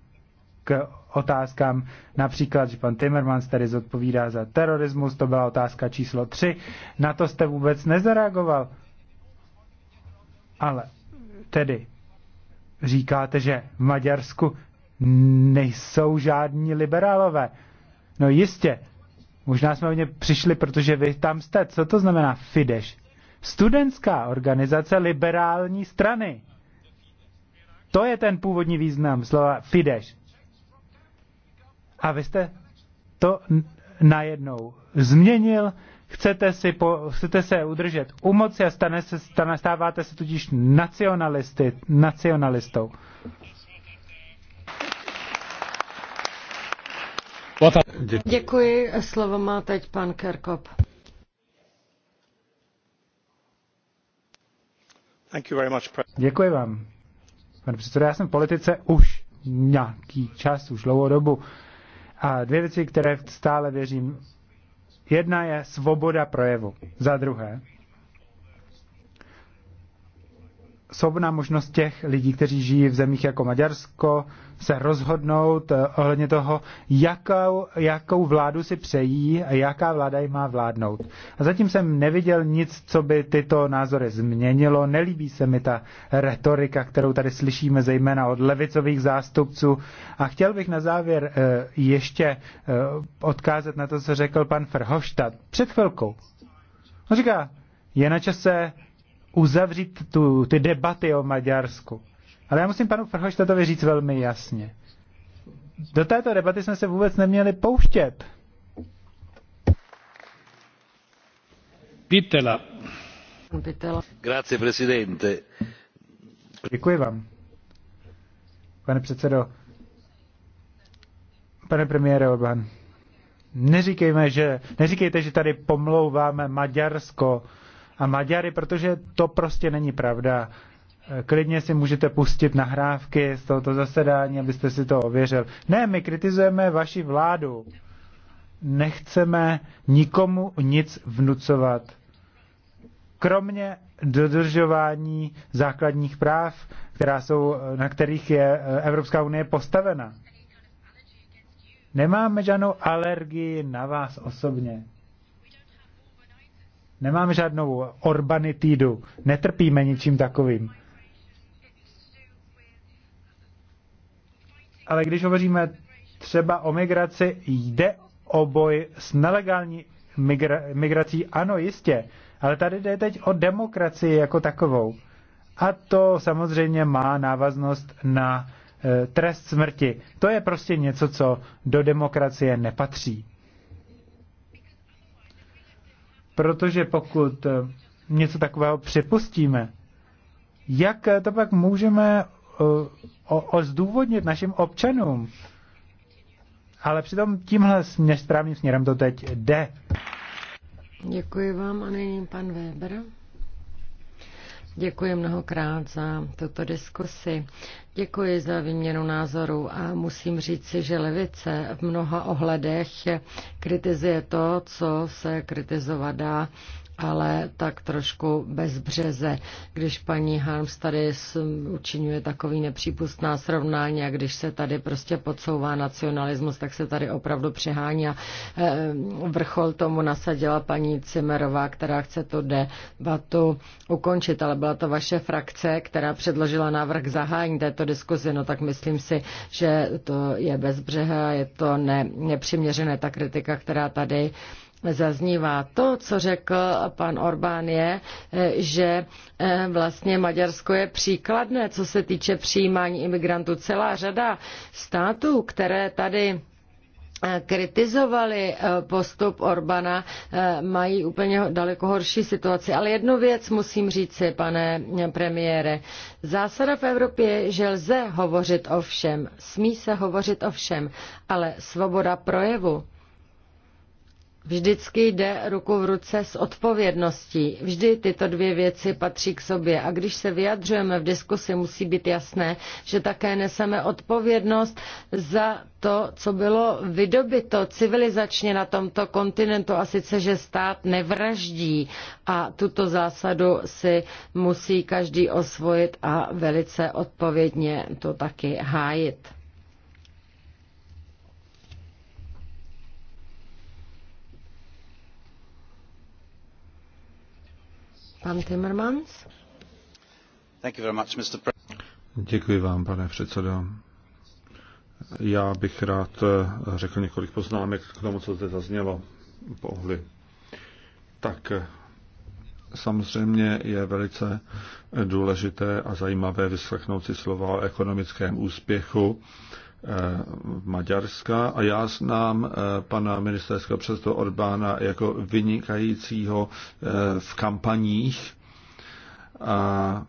k otázkám, například, že pan Timmermans tady zodpovídá za terorismus, to byla otázka číslo tři. na to jste vůbec nezareagoval. Ale tedy říkáte, že v Maďarsku nejsou žádní liberálové. No jistě, možná jsme o ně přišli, protože vy tam jste. Co to znamená Fidesz? Studentská organizace liberální strany. To je ten původní význam slova Fidesz. A vy jste to najednou změnil chcete, si po, chcete se udržet u moci a stane se, stane, stáváte se tudíž nacionalisty, nacionalistou. Děkuji. Slovo má teď pan Kerkop. Děkuji vám. Pane předsedo, já jsem v politice už nějaký čas, už dlouhou dobu. A dvě věci, které stále věřím. Jedna je svoboda projevu. Za druhé, svobodná možnost těch lidí, kteří žijí v zemích jako Maďarsko, se rozhodnout eh, ohledně toho, jakou, jakou vládu si přejí a jaká vláda jim má vládnout. A zatím jsem neviděl nic, co by tyto názory změnilo. Nelíbí se mi ta retorika, kterou tady slyšíme zejména od levicových zástupců. A chtěl bych na závěr eh, ještě eh, odkázat na to, co řekl pan Verhofstadt před chvilkou. On říká, je na čase uzavřít tu, ty debaty o Maďarsku. Ale já musím panu Frhoštatovi říct velmi jasně. Do této debaty jsme se vůbec neměli pouštět. Pitela. Pitela. Grazie, presidente. Děkuji vám. Pane předsedo, pane premiére Orbán, neříkejme, že, neříkejte, že tady pomlouváme Maďarsko a Maďary, protože to prostě není pravda. Eh, klidně si můžete pustit nahrávky z tohoto zasedání, abyste si to ověřil. Ne, my kritizujeme vaši vládu. Nechceme nikomu nic vnucovat. Kromě dodržování základních práv, která jsou, eh, na kterých je eh, Evropská unie postavena. Nemáme žádnou alergii na vás osobně. Nemáme žádnou orbanitídu, netrpíme ničím takovým. Ale když hovoříme třeba o migraci, jde o boj s nelegální migra- migrací, ano, jistě, ale tady jde teď o demokracii jako takovou. A to samozřejmě má návaznost na e, trest smrti. To je prostě něco, co do demokracie nepatří. Protože pokud eh, něco takového připustíme, jak eh, to pak můžeme eh, ozdůvodnit našim občanům? Ale přitom tímhle nesprávným směrem to teď jde. Děkuji vám a nyní pan Weber. Děkuji mnohokrát za tuto diskusi. Děkuji za výměnu názorů a musím říci, že levice v mnoha ohledech kritizuje to, co se kritizovat dá ale tak trošku březe. když paní Harms tady učinuje takový nepřípustná srovnání a když se tady prostě podsouvá nacionalismus, tak se tady opravdu přehání a eh, vrchol tomu nasadila paní Cimerová, která chce tu debatu ukončit, ale byla to vaše frakce, která předložila návrh zahájení této diskuzi, no tak myslím si, že to je břeha, je to ne, nepřiměřené ta kritika, která tady uh, zaznívá. To, co řekl pan Orbán, je, že eh, vlastně Maďarsko je příkladné, co se týče přijímání imigrantů. Celá řada států, které tady eh, kritizovali eh, postup Orbana, mají úplně daleko horší situaci. Ale jednu věc musím říci, pane premiére. Zásada v Evropě je, že lze hovořit o všem, smí se hovořit o všem, ale svoboda projevu vždycky jde ruku v ruce s odpovědností. Vždy tyto dvě věci patří k sobě. A když se vyjadřujeme v diskusi, musí být jasné, že také neseme odpovědnost za to, co bylo vydobito civilizačně na tomto kontinentu, a sice, že stát nevraždí. A tuto zásadu si musí každý osvojit a velice odpovědně to taky hájit. Děkuji vám, pane předsedo. Já bych rád eh, řekl několik poznámek k tomu, co zde zaznělo po ohli. Tak eh, samozřejmě je velice eh, důležité a zajímavé vyslechnout si slova o ekonomickém úspěchu Eh, Maďarska a já znám eh, pana ministerského předsedu Orbána jako vynikajícího eh, v kampaních a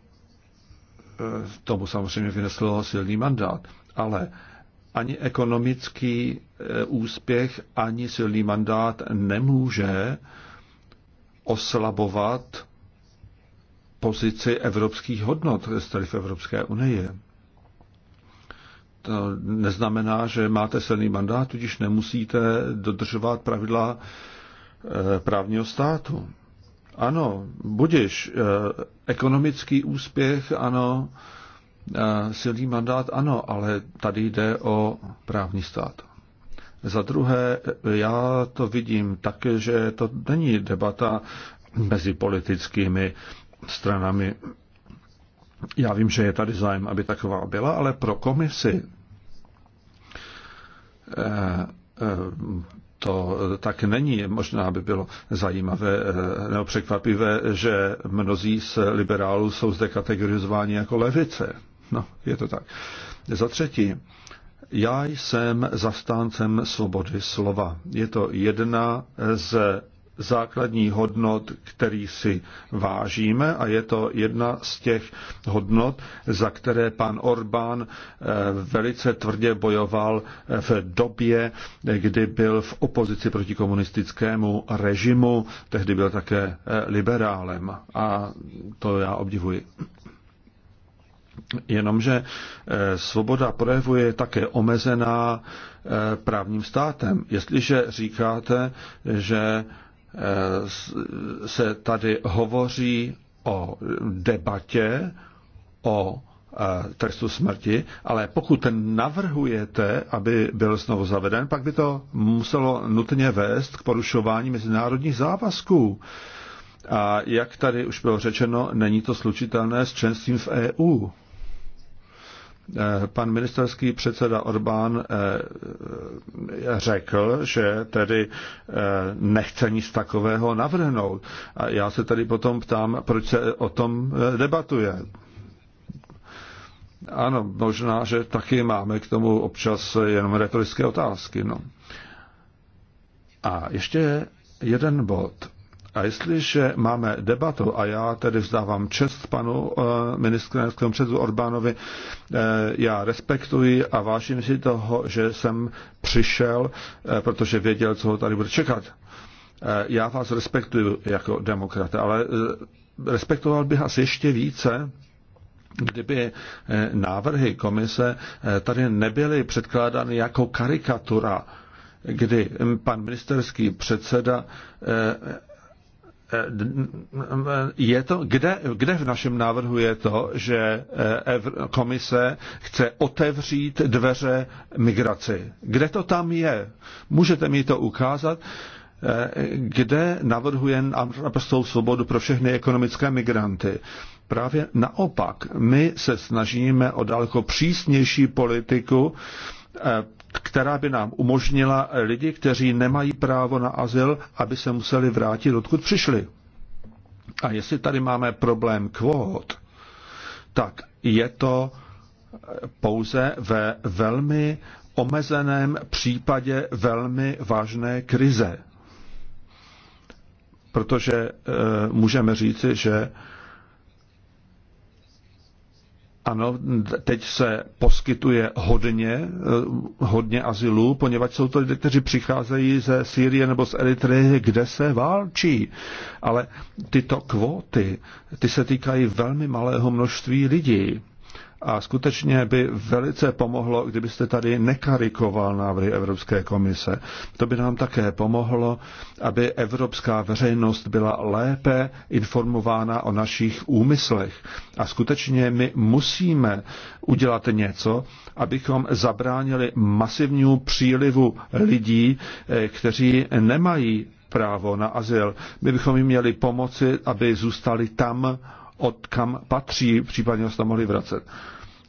tomu samozřejmě vyneslo silný mandát. Ale ani ekonomický úspěch, ani silný mandát nemůže oslabovat pozici evropských hodnot, které v Evropské unii to neznamená, že máte silný mandát, tudíž nemusíte dodržovat pravidla eh, právního státu. Ano, budiš, eh, ekonomický úspěch, ano, eh, silný mandát, ano, ale tady jde o právní stát. Za druhé, já to vidím tak, že to není debata mezi politickými stranami. Já vím, že je tady zájem, aby taková byla, ale pro komisi to tak není. Možná by bylo zajímavé eh, nebo překvapivé, že mnozí z liberálů jsou zde kategorizováni jako levice. No, je to tak. Za třetí, já jsem zastáncem svobody slova. Je to jedna z základních hodnot, který si vážíme a je to jedna z těch hodnot, za které pan Orbán eh, velice tvrdě bojoval eh, v době, kdy byl v opozici proti komunistickému režimu, tehdy byl také eh, liberálem a to já obdivuji. Jenomže svoboda projevu je také omezená právním státem. Jestliže říkáte, že Eh, se tady hovoří o debatě o eh, trestu smrti, ale pokud navrhujete, aby byl znovu zaveden, pak by to muselo nutně vést k porušování mezinárodních závazků. A jak tady už bylo řečeno, není to slučitelné s členstvím v EU. Eh, pan ministerský předseda Orbán eh, řekl, že tedy eh, nechce nic takového navrhnout. A já se tady potom ptám, proč se o tom debatuje. Ano, možná, že taky máme k tomu občas jenom retorické otázky. No. A ještě jeden bod. A jestliže máme debatu, a já tedy vzdávám čest panu eh, ministrskému předsedu Orbánovi, eh, já respektuji a vážím si toho, že jsem přišel, eh, protože věděl, co ho tady bude čekat. Já vás respektuji jako demokrata, ale respektoval bych vás ještě více, kdyby návrhy komise tady nebyly předkládány jako karikatura, kdy pan ministerský předseda Eh, je to, kde, kde v našem návrhu je to, že eh, komise chce otevřít dveře migraci? Kde to tam je? Můžete mi to ukázat? Eh, kde navrhuje naprostou svobodu pro všechny ekonomické migranty. Právě naopak, my se snažíme o daleko přísnější politiku která by nám umožnila lidi, kteří nemají právo na azyl, aby se museli vrátit, odkud přišli. A jestli tady máme problém kvót, tak je to eh, pouze ve velmi omezeném případě velmi vážné krize. Protože e, můžeme říci, že ano, teď se poskytuje hodně, eh, hodně azylů, poněvadž jsou to lidé, kteří přicházejí ze Sýrie nebo z Eritreje, kde se válčí. Ale tyto kvóty, ty se týkají velmi malého množství lidí. A skutečně by velice pomohlo, kdybyste tady nekarikoval návrhy Evropské komise. To by nám také pomohlo, aby evropská veřejnost byla lépe informována o našich úmyslech. A skutečně my musíme udělat něco, abychom zabránili masivnímu přílivu lidí, eh, kteří nemají právo na azyl. My bychom jim měli pomoci, aby zůstali tam, od kam patří, případně se tam mohli vracet.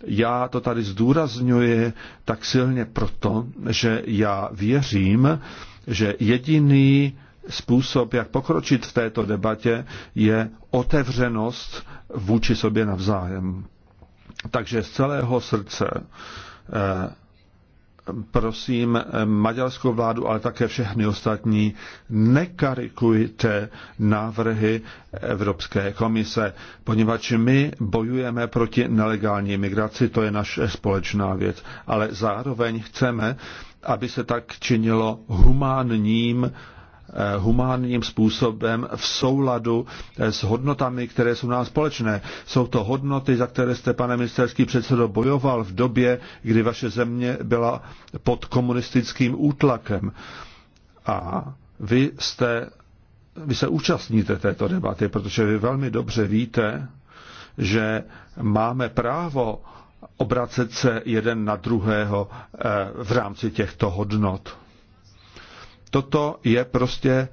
Já to tady zdůrazňuji tak silně proto, že já věřím, že jediný způsob, jak pokročit v této debatě, je otevřenost vůči sobě navzájem. Takže z celého srdce eh, prosím eh, maďarskou vládu, ale také všechny ostatní, nekarikujte návrhy Evropské komise, poněvadž my bojujeme proti nelegální migraci, to je naše společná věc, ale zároveň chceme, aby se tak činilo humánním Eh, humánním způsobem v souladu eh, s hodnotami, které jsou nám společné. Jsou to hodnoty, za které jste, pane ministerský předsedo, bojoval v době, kdy vaše země byla pod komunistickým útlakem. A vy jste vy se účastníte této debaty, protože vy velmi dobře víte, že máme právo obracet se jeden na druhého eh, v rámci těchto hodnot. Toto je prostě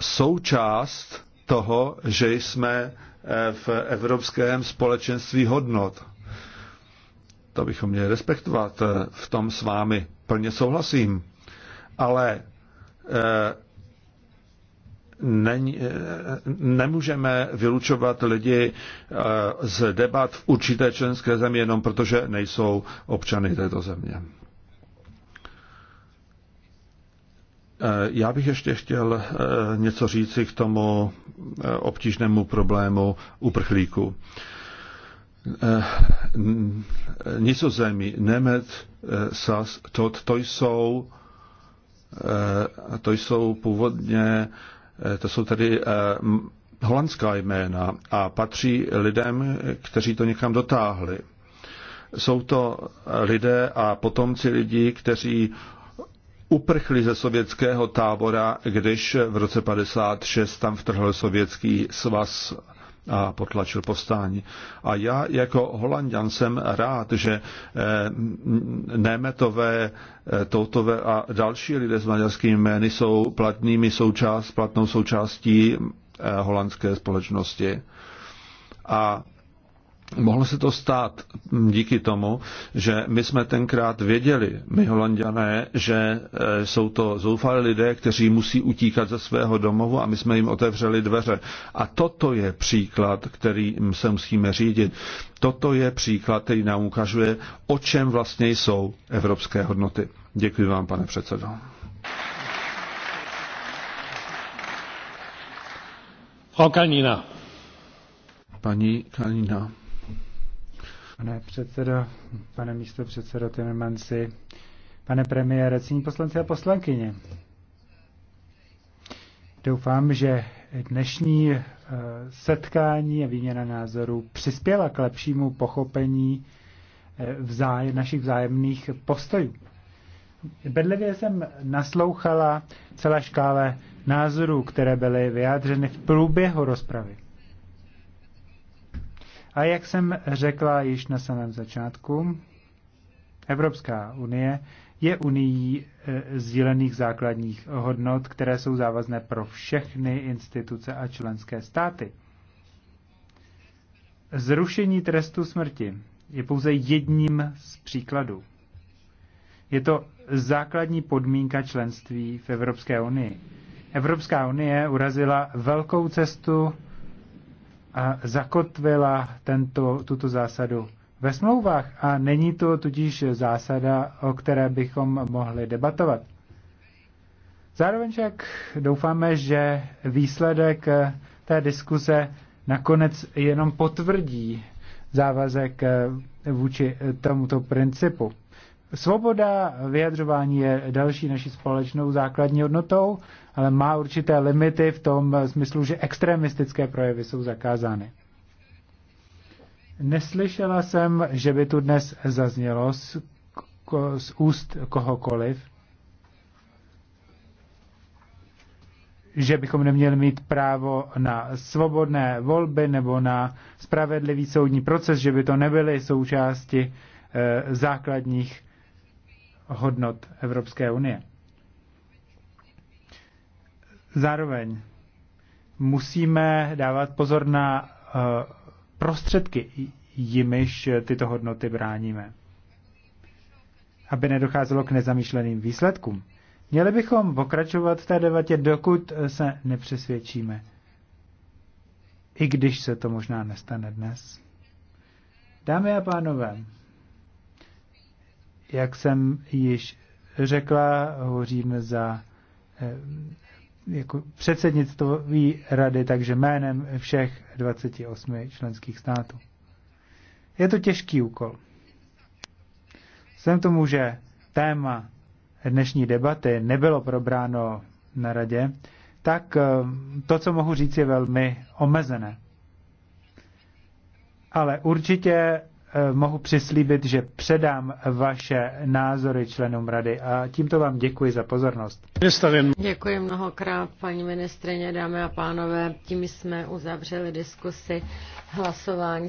součást toho, že jsme eh, v evropském společenství hodnot. To bychom měli respektovat. Eh, v tom s vámi plně souhlasím. Ale eh, ne, nemůžeme vylučovat lidi z debat v určité členské zemi jenom protože nejsou občany této země. Eh, já bych ještě chtěl eh, něco říci k tomu eh, obtížnému problému uprchlíků. Nizozemí, Nemec, Sas, to, to jsou to jsou původně, to jsou tedy holandská jména a patří lidem, kteří to někam dotáhli. Jsou to lidé a potomci lidí, kteří uprchli ze sovětského tábora, když v roce 56 tam vtrhl sovětský svaz a potlačil povstání. A já jako holanděn jsem rád, že eh, Németové, eh, Toutové a další lidé s maďarskými jmény jsou platnými součást, platnou součástí eh, holandské společnosti. A Mohlo se to stát díky tomu, že my jsme tenkrát věděli, my holanděné, že e, jsou to zoufalí lidé, kteří musí utíkat ze svého domovu a my jsme jim otevřeli dveře. A toto je příklad, který se musíme řídit. Toto je příklad, který nám ukazuje, o čem vlastně jsou evropské hodnoty. Děkuji vám, pane předsedo. Frau Kalnina. Paní Kalnina. Pane předsedo, pane místo předsedo Timmermansi, pane premiére, cení poslanci a poslankyně. Doufám, že dnešní eh, setkání a výměna názorů přispěla k lepšímu pochopení eh, vzájem, našich vzájemných postojů. Bedlivě jsem naslouchala celé škále názorů, které byly vyjádřeny v průběhu rozpravy. A jak jsem řekla již na samém začátku, Evropská unie je unii e, sdílených základních hodnot, které jsou závazné pro všechny instituce a členské státy. Zrušení trestu smrti je pouze jedním z příkladů. Je to základní podmínka členství v Evropské unii. Evropská unie urazila velkou cestu a zakotvila tento, tuto zásadu ve smlouvách a není to tudíž zásada, o které bychom mohli debatovat. Zároveň však doufáme, že výsledek té diskuze nakonec jenom potvrdí závazek vůči tomuto principu. Svoboda vyjadřování je další naší společnou základní hodnotou, ale má určité limity v tom smyslu, že extremistické projevy jsou zakázány. Neslyšela jsem, že by tu dnes zaznělo z, ko, z úst kohokoliv, že bychom neměli mít právo na svobodné volby nebo na spravedlivý soudní proces, že by to nebyly součásti e, základních hodnot Evropské unie. Zároveň musíme dávat pozor na eh, prostředky, jimiž tyto hodnoty bráníme, aby nedocházelo k nezamýšleným výsledkům. Měli bychom pokračovat v té debatě, dokud se nepřesvědčíme. I když se to možná nestane dnes. Dámy a pánové, jak jsem již řekla, hovořím za eh, jako předsednictví rady, takže jménem všech 28 členských států. Je to těžký úkol. Jsem tomu, že téma dnešní debaty nebylo probráno na radě, tak eh, to, co mohu říct, je velmi omezené. Ale určitě mohu přislíbit, že předám vaše názory členům rady a tímto vám děkuji za pozornost. Děkuji mnohokrát, paní ministrině, dámy a pánové. Tím jsme uzavřeli diskusi hlasování.